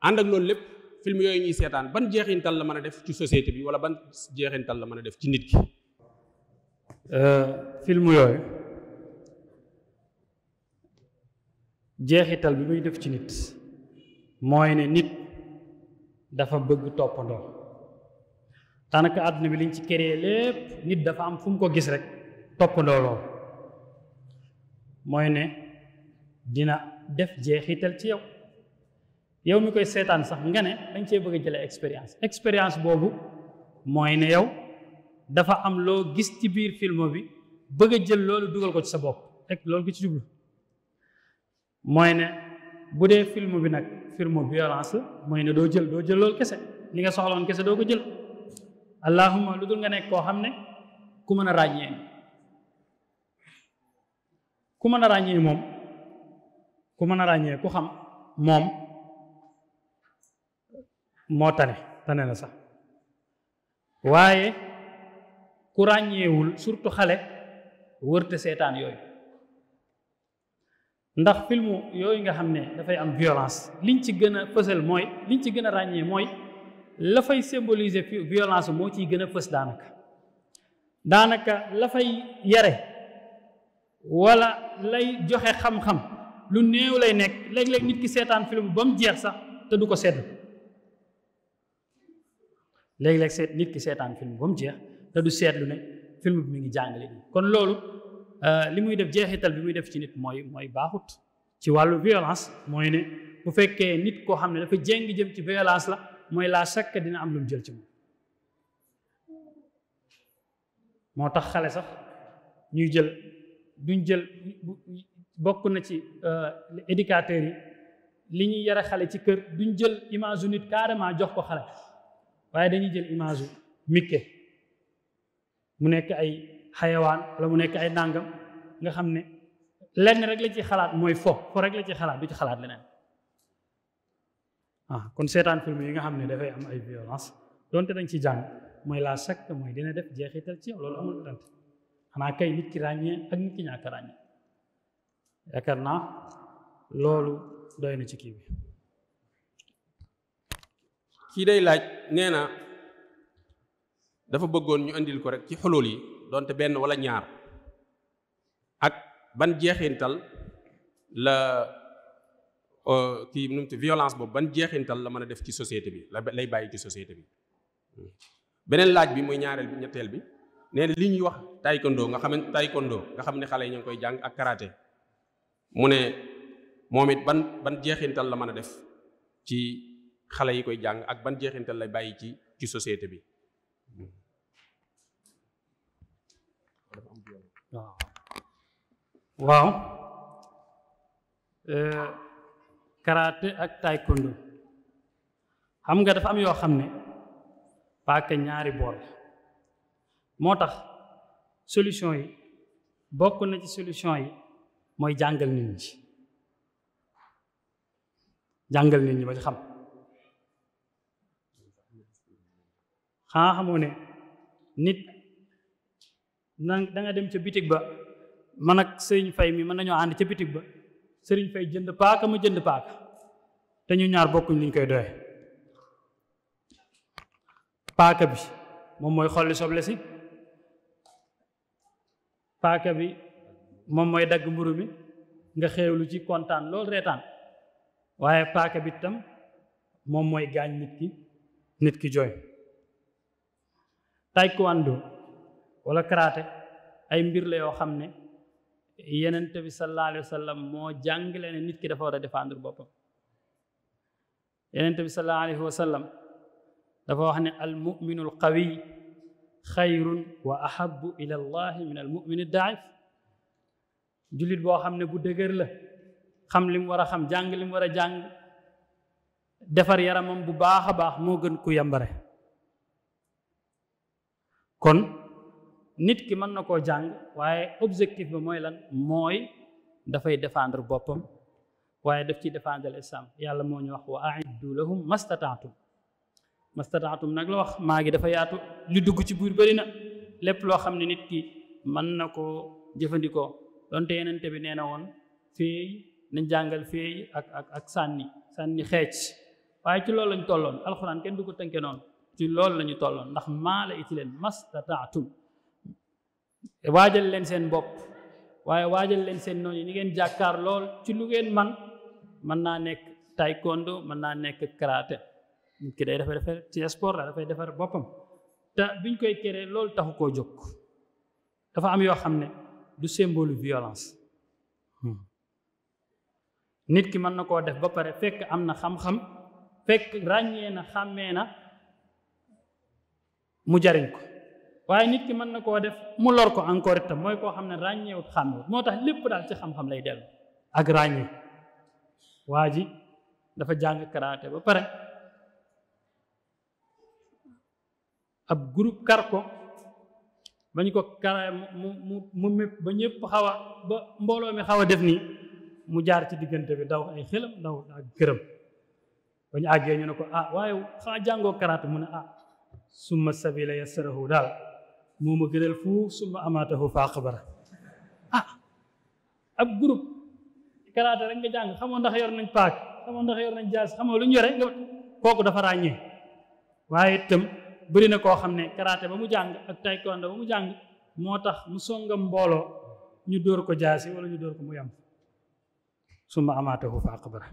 ànd ak loolu lépp film yooyu ñuy seetaan ban jeexintal la mën a def ci société bi wala ban jeexintal la mën a def ci nit ki. Euh, film yooyu jeexital bi muy def ci nit mooy ne nit dafa bëgg toppandoo daanaka àdduna bi liñ ci créé lépp nit dafa am fu mu ko gis rek toppandoo mooy ne dina def jeexital ci yow. yow mi koy seetaan sax nga ne dañ cee bëgg a jëlee expérience expérience boobu mooy ne yow dafa am loo gis ci biir film bi bëgg a jël loolu dugal ko ci sa bopp rek loolu ko ci jublu mooy ne bu dee film bi nag film violence la mooy ne doo jël doo jël loolu kese li nga soxloon kese doo ko jël allahumma lu dul nga nekk koo xam ne ku mën a ràññee ku mën a ràññee moom ku mën a ràññee ku xam moom moo tane tane na sax waaye ku ràññeewul surtout xale wërte seetaan yooyu ndax filmu yooyu nga xam ne dafay am violence liñ ci gën a fësal mooy liñ ci gën a ràññee mooy la fay symboliser violence moo ciy gën a fës daanaka daanaka la fay yare wala lay joxe xam-xam lu néew lay nekk léeg-léeg nit ki seetaan film ba mu jeex sax te du ko sedd léeg-léeg seet nit ki seetaan film ba mu jeex te du seetlu ne film bi mi ngi jàngale kon loolu euh, li muy def jeexital bi muy def ci nit mooy mooy baaxut ci wàllu violence mooy ne bu fekkee nit koo xam ne dafa jéng jëm ci violence la mooy laa chaque dina am lu mu jël ci moom moo tax xale sax ñuy jël duñ jël bokk na ci euh, éducateurs yi li ñuy yare xale ci kër duñ jël image u nit carrément jox ko xale waaye dañuy jël image mikke mu nekk ay xayawaan wala mu nekk ay nàngam nga xam ne lenn rek la ci xalaat mooy fo fo rek la ci xalaat du ci xalaat leneen ah kon seetaan film yi nga xam ne dafay am ay violence donte dañ ci jàng mooy la chaque mooy dina def jeexital ci loolu amul dante xanaa kay nit ki ràññee ak nit ki ñàkk ràññee yaakaar naa loolu doy na ci kii bi kii day laaj nee na dafa bëggoon ñu indil ko rek ci xulul yi donte benn wala ñaar ak ban jeexintal la euh, mu tudd violence boobu ban jeexintal la mën a def ci société bi la lay bàyyi ci société bi beneen laaj bi muy ñaareel bi ñetteel bi nee na li ñuy wax taekwondo nga xam ne nga xam ne xale yi ñu ngi koy jàng ak karaté mu ne moom it ban ban jeexintal la mën a def ci xale yi koy jàng ak ban jeexintal lay bàyyi ci ci société bi waaw euh, karaate ak taekwondo xam nga dafa am yoo xam ne paaka ñaari boor moo tax solution yi bokk na ci solution yi mooy jàngal nit ñi jàngal nit ñi ba ñu xam xanaa xamoo ne nit na da nga dem ca bitig ba man ak sëriñ fay mi mën nañoo ànd ca bitig ba sëriñ fay jënd paaka ma jënd paaka te ñu ñaar bokkuñ liñ koy doye paaka bi moom mooy xolli soble si paaka bi moom mooy dagg mburu mi nga xéewlu ci kontaan loolu reetaan waaye paaka bi tam moom mooy gaañ nit ki nit ki jooy taekwondo walla karaate ay mbir la yoo xam ne yeneen bi sallallahu sallam moo jàngale ne nit ki dafa war a défendre boppam yenent bi sallallahu alayhi wa dafa wax ne al muminu al qawiy wa ahabu ila allahi min al mumini jullit boo xam ne bu dëgër la xam li mu war a xam jàng li mu war a jàng defar yaramam bu baax a baax moo gën ku yambare kon nit ki mën na koo jàng waaye objectif bi mooy lan mooy dafay défendre boppam waaye daf ci défendre l'islam yàlla moo ñu wax wa aiddu lahum mastataatum mastataatum nag la wax maa gi dafa yaatu li dugg ci buur bëri na lépp loo xam ne nit ki man na koo jëfandikoo donte yenente bi nee na woon feey nañ jàngal feey ak ak ak sànni sànni xeec waaye ci loolu lañ tolloon alxuraan kenn du ko tënke noonu ci loolu la ñu tolloon ndax maa la iti leen mastataatum waajal leen seen bopp waaye waajal leen seen noonu ni ngeen jàkkaar lool ci lu ngeen man mën naa nekk taykondo mën naa nekk karaté nit ki day dafay defar ci sport la dafay defar boppam te biñ koy keree lool taxu koo jóg dafa am yoo xam ne du symbole violence nit ki mën na koo def ba pare fekk am na xam-xam fekk ràññee na xàmmee na mu jariñ ko waaye nit ki mën na koo def mu lor ko encore itam mooy koo xam ne ràññeewut xàmmewut moo tax lépp daal ci xam-xam lay dellu ak ràññee waa ji dafa jàng karaate ba pare ab groupe kar ko bañ ko kara mu mu mu mépp ba ñëpp xaw a ba mbooloo mi xaw a def nii mu jaar ci diggante bi daw ay xelam daw ak gërëm bañ àggee ñu ne ko ah waaye xaa jàngoo karaate mu ne ah summa sabila yassarahu daal moo ma gënal fu summa amaatahu fa aqbara ah ab groupe karaate rek nga jàng xamoo ndax yor nañ paak xamoo ndax yor nañ jaas xamoo lu ñu yore kooku dafa ràññee waaye itam bëri na koo xam ne karaate ba mu jàng ak taekwondo ba mu jàng moo tax mu songam mbooloo ñu dóor ko jaasi wala ñu dóor ko mu yam summa amaatahu fa aqbara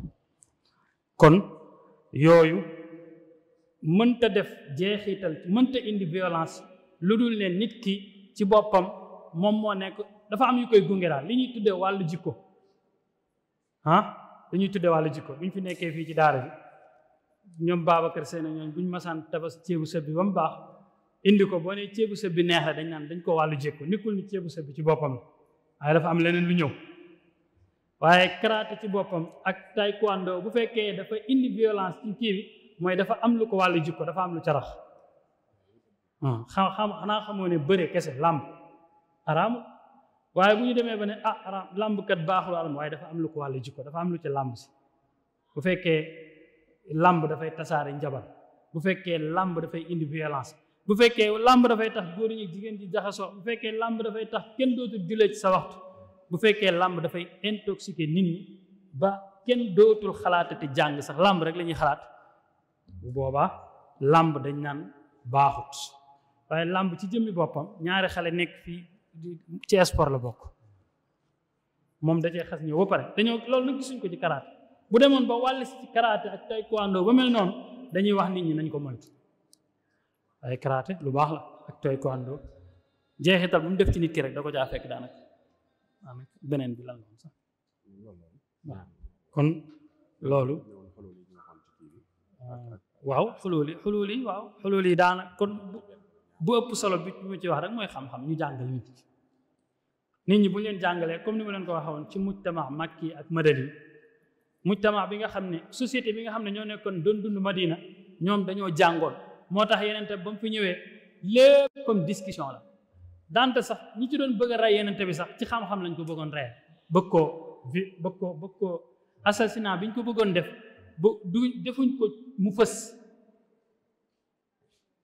kon yooyu mënta def jeexital mënta indi violence lu dul ne nit ki ci boppam moom moo nekk dafa am yu koy gunge daal li ñuy tuddee wàllu jikko ah li ñuy tuddee wàllu jikko bi ñu nekkee fii ci daara bi ñoom Babacar Sène ñoom bu ñu masaan tabas ceebu sëb bi ba baax indi ko boo nee sëb bi neex dañ naan dañ ko wàllu jikko nekkul ni ceebu sëb bi ci boppam waaye dafa am leneen lu ñëw waaye karaté ci boppam ak taekwondo bu fekkee dafa indi violence ci kii mooy dafa am lu ko wàllu jikko dafa am lu carax hmm, xam xam xanaa xamoo ne bëre kese làmb araamu waaye bu demee ba ne ah araam làmb kat baaxul alam dafa am lu ko wàllu jikko dafa am lu ca làmb si bu fekkee làmb dafay tasaare njabar bu fekkee làmb dafay indi bu fekkee làmb dafay tax góor ñi jigéen ji jaxasoo bu fekkee làmb dafay tax kenn dootul jullee ci sa waxtu bu fekkee làmb dafay intoxiqué nit ba kenn dootul xalaatati jàng sax làmb rek lañuy xalaat bu boobaa làmb dañ naan baaxut waaye làmb ci jëmmi boppam ñaari xale nekk fii ci sport la bokk moom da xas ñëw ba pare dañoo loolu nag gisuñ ko ci karaté bu demoon ba wàll si ak taekwondo ba mel noonu dañuy wax nit ñi nañ ko moytu waaye karaté lu baax la ak taekwondo jeexital bu mu def ci nit ki rek da ko caa fekk daanaka beneen bi lan noonu sax kon loolu. waaw xulóoli xulóoli waaw xulóoli daana kon bu ëpp solo bi mu ci wax rek mooy xam-xam ñu jàngal nit nit ñi bu leen jàngalee comme ni ma leen ko waxee woon ci mujtama makki ak madani mujtama bi nga xam ne société bi nga xam ne ñoo nekkoon doon dund madina ñoom dañoo jàngoon moo tax yenente ba mu fi ñëwee lépp comme discussion la dante sax ñu ci doon bëgg a rey yenente bi sax ci xam-xam lañ ko bëggoon rey bëgg koo vi bëgg koo bëgg koo assassinat bi ñu ko bëggoon def du ko mu fës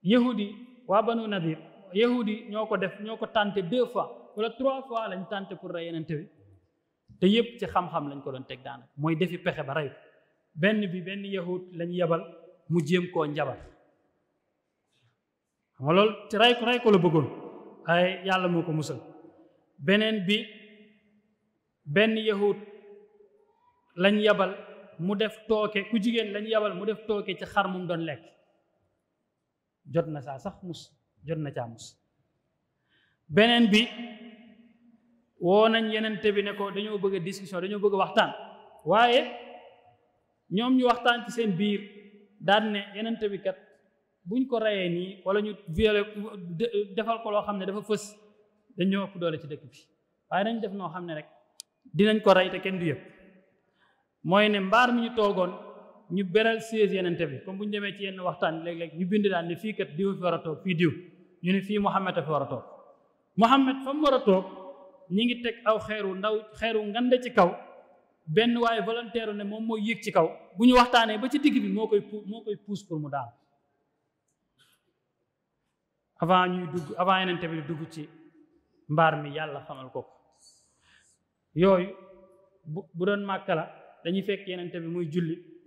yahudi waa banu nadir yahudi ñoo ko def ñoo ko tenté deux fois wala trois fois lañ tenté pour rey yenente bi te yëpp ci xam-xam lañ ko doon teg daanaka mooy defi pexe ba rey benn bi benn yahud lañu yebal mu jéem koo njabar xam nga loolu waaye yàlla moo ko musal beneen bi benn yahud lañ yebal mu def tooke ku jigéen lañu yebal mu def tooke ci xar mu doon lekk jot na saa sax mus jot na caa mus beneen bi woo nañ yenente bi ne ko dañoo bëgg a discussion dañoo bëgg a waxtaan waaye ñoom ñu waxtaan ci seen biir daan ne yenente bi kat buñ ko reyee nii wala ñu violé defal ko loo xam ne dafa fës dañoo ëpp doole ci dëkk bi waaye nañ def noo xam ne rek dinañ ko rey te kenn du yëpp mooy ne mbaar mi ñu toogoon ñu beral siège yenente bi comme bu ñu demee ci yenn waxtaan léeg-léeg ñu bind daal ne fii kat diw fi war a toog fii diw ñu ne fii Mouhamed a fi war a toog Mouhamed fa mu war a toog ñu ngi teg aw xeer wu ndaw xeeru ngande ci kaw benn waaye volontaire ne moom mooy yéeg ci kaw bu ñu waxtaanee ba ci digg bi moo koy moo koy pousse pour mu daal avant ñuy dugg avant yenente bi dugg ci mbaar mi yàlla xamal ko ko yooyu bu doon màkka la dañuy fekk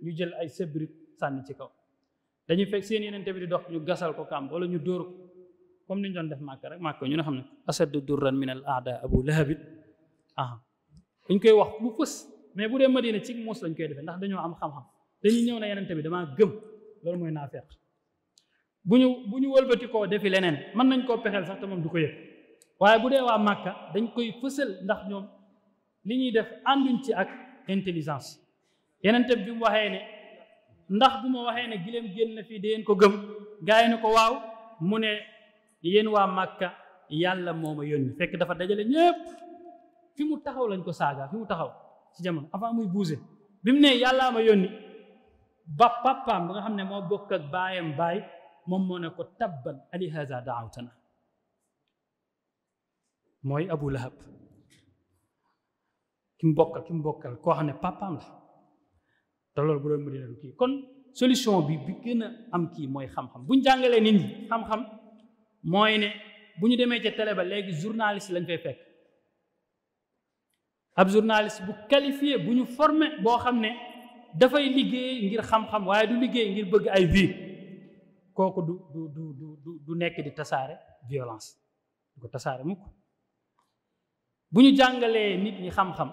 ñu jël ay sebrit sànni ci kaw dañuy fekk seen yeneen bi di dox ñu gasal ko kàmb wala ñu dóor ko ni ñu def màkk rek màkk ñu ne xam ne asaddu durran min al aada abu lahabit ah dañ koy wax lu fës mais bu dee madina ci muus lañ koy defee ndax dañoo am xam-xam dañuy ñëw na yeneen bi damaa gëm loolu mooy naafeq bu ñu bu ñu wëlbati koo defi leneen mën nañ koo pexeel sax te moom du ko yëg waaye bu dee waa màkka dañ koy fësal ndax ñoom li ñuy def ànduñ yenente bi mu waxee ne ndax bu ma waxee ne giléem génn na fii dangeen ko gëm gaa yi ko waaw mu ne yéen waa màkka yàlla moo ma yónni fekk dafa dajale ñépp fi mu taxaw lañ ko saaga fi mu taxaw ci jamono avant muy buuse bi mu ne yàllaa ma yónni ba papaam ba nga xam ne moo bokk ak baayam baay moom moo ne ko tabban alihaza daawtana mooy abu lahab ki mu bokkal ki bokkal koo xam ne papaam la te loolu bu doon mu dina du kii kon solution bi bi gën a am kii mooy xam-xam bu ñu jàngalee nit ñi xam-xam mooy ne bu ñu demee ca télé ba léegi journaliste lañ fay fekk ab journaliste bu qualifié bu ñu formé boo xam ne dafay liggéey ngir xam waaye liggéey ngir bëgg ay vie kooku du nekk di tasaare violence ko tasaare mukk bu ñu jàngalee nit ñi xam-xam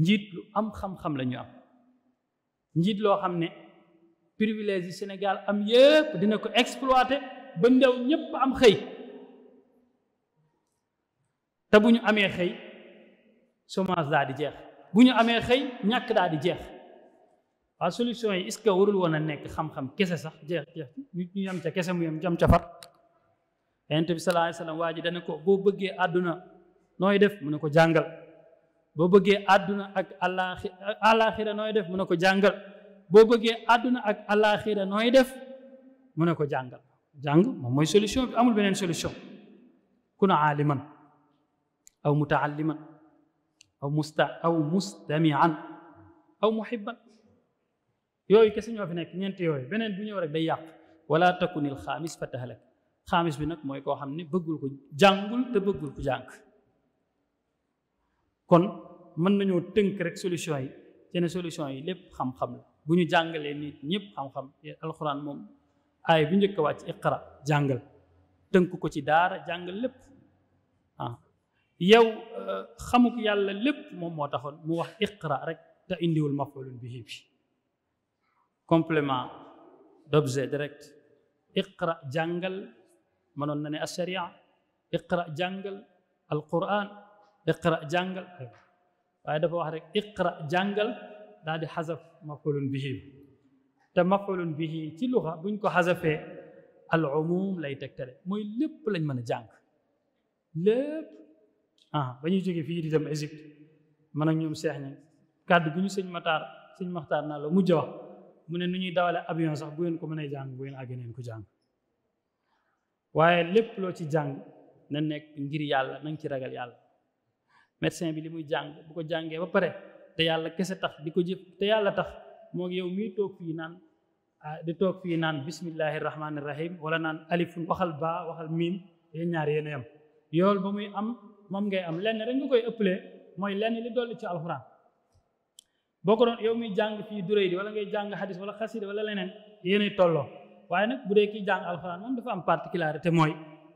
njiit lu am xam-xam la am njiit loo xam ne privilège yi Sénégal am yëpp dina ko exploité ba ndaw ñëpp am xëy te bu ñu amee xëy chômage daal di jeex bu ñu amee xëy ñàkk daal di jeex waa solution yi est warul woon a nekk xam-xam kese sax jeex jeex ñu yam ca kese mu yam jam ca far yonent bi sallallahu alayhi waa ji dana ko boo bëggee àdduna nooy def mu ne ko jàngal boo bëggee àdduna ak alaaxi alaaxira nooy def mu ne ko jàngal boo bëggee àdduna ak alaaxira nooy def mu ne ko jàngal jàng moom mooy solution bi amul beneen solution kun aaliman aw mutaalliman aw musta aw mustamian aw muhibban yooyu kese ñoo fi nekk ñeent yooyu beneen bu ñëw rek day yàq walaa takunil xaamis fa tahalak xaamis bi nag mooy koo xam ne bëggul ko jàngul te bëggul ko jàng kon mën nañoo tënk rek solution yi seen solution yi lépp xam-xam bu ñu jàngalee nit ñëpp xam-xam alxuraan moom aay bu njëkk a wàcc iqra jàngal tënk ko ci daara jàngal lépp ah yow euh, xamuk yàlla lépp moom moo taxoon mu wax iqra rek te indiwul mafulun bihi bi complément d'objet direct iqra jàngal mënoon na ne asharia iqra jàngal alquran iqra jàngal waaye dafa wax rek iqra jàngal daal di xasaf mafulun bihi te mafulun bihi ci luxa buñ ko xasafee al umum lay tegtale mooy lépp lañ mën a jàng lépp ah ba ñuy jógee fii di dem Égypte man ak ñoom seex ñi kàddu gu ñu sëñ mataar sëñ maxtaar naa la mu wax mu ne nu ñuy dawale avion sax bu ngeen ko mën mënee jàng bu ngeen àggee neen ko jàng waaye lépp loo ci jàng na nekk ngir yàlla na nga ci ragal yàlla médecin bi li muy jàng bu ko jàngee ba pare te yàlla kese tax di ko jëf te yàlla tax moo yow miy toog fii naan di toog fii naan bismillahi rahmaani naan alifun waxal baa waxal miim yéen ñaar yéen a am yool ba muy am moom ngay am lenn rek nga koy ëppalee mooy lenn li dolli ci alxuraan boo ko doon yow muy jàng fii durée di wala ngay jàng xadis wala xasida wala leneen yéenay tolloo waaye nag bu dee kii jàng alxuraan moom dafa am particularité mooy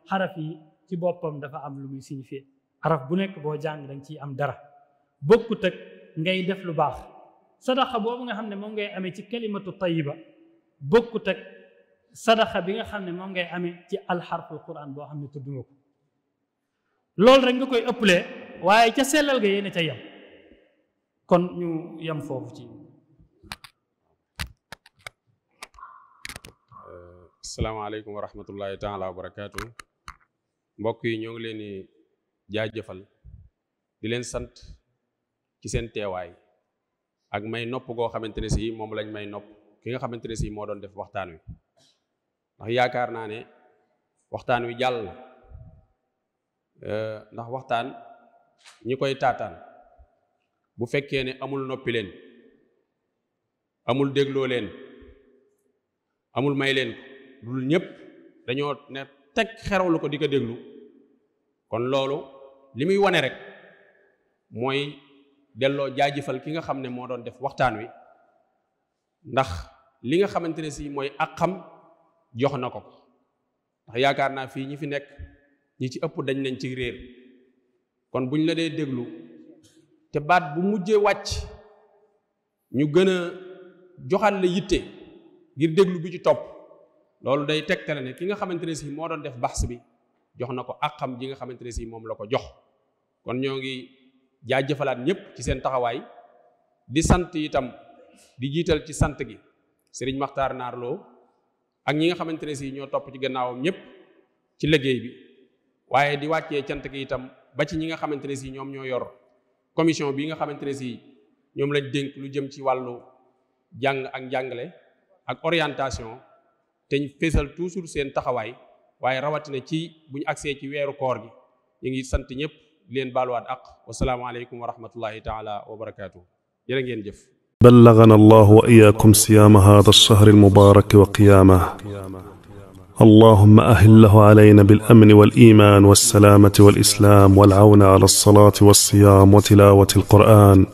xaraf yi ci araf bu nekk boo jàng danga ci am dara bokkut ak ngay def lu baax sadaxa boobu nga xam ne moom ngay amee ci kalimatu tayba bokkut sadaxa bi nga xam ne moom ngay amee ci alxarful quran boo xam ne tudd nga ko loolu rek nga koy ëpple waaye ca sellal ga yéen a ca yem kon ñu yem foofu ci asalaamaaleykum wa rahmatullahi taala wa barakaatu mbokk yi ñoo ngi leen jëfal di leen sant ci seen teewaay ak may nopp goo xamante ne si moom lañ may nopp ki nga xamante ne sii moo doon def waxtaan wi ndax yaakaar naa ne waxtaan wi jàll na eh, ndax waxtaan ñi koy taataan bu fekkee ne amul noppi leen amul dégloo leen amul may leen dul ñëpp dañoo ne teg xerawlu ko di ko déglu kon loolu li muy wane rek mooy delloo jaajëfal ki nga xam ne moo doon def waxtaan wi ndax li nga xamante ne si mooy ak xam jox na ko ndax yaakaar naa fii ñi fi nekk ñi ci ëpp dañ lañ ci réer kon buñ la dee déglu te baat bu mujjee wàcc ñu gën a joxal la yitte ngir déglu bi ci topp loolu day tegtale ne ki nga xamante ne si moo doon def baxs bi jox na ko ak xam ji nga xamante ne si moom la ko jox kon ñoo ngi jaajëfalaat ñëpp ci seen taxawaay di sant itam di jiital ci sant gi sëriñ Maxtaar naarloo ak ñi nga xamante ne si ñoo topp ci gannaawam ñëpp ci liggéey bi waaye di wàccee sant gi itam ba ci ñi nga xamante ne si ñoom ñoo yor commission bi nga xamante ne si ñoom lañ dénk lu jëm ci wàllu jàng ak njàngale ak orientation te ñu feesal toujours seen taxawaay waaye rawatina ci buñ agsee ci weeru koor gi ñu ngi sant ñëpp. di leen baaluwaat ak wasalaamaaleykum wa rahmatullahi taala wa barakaatu jërë ngeen jëf بلغنا الله وإياكم صيام هذا الشهر المبارك وقيامه اللهم أهله علينا بالأمن والإيمان والسلامة والإسلام والعون على الصلاة والصيام وتلاوة القرآن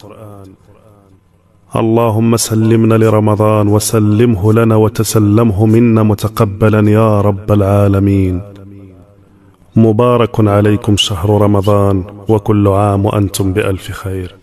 اللهم سلمنا لرمضان وسلمه لنا وتسلمه منا متقبلا يا رب العالمين مبارك عليكم شهر رمضان وكل عام وأنتم بألف خير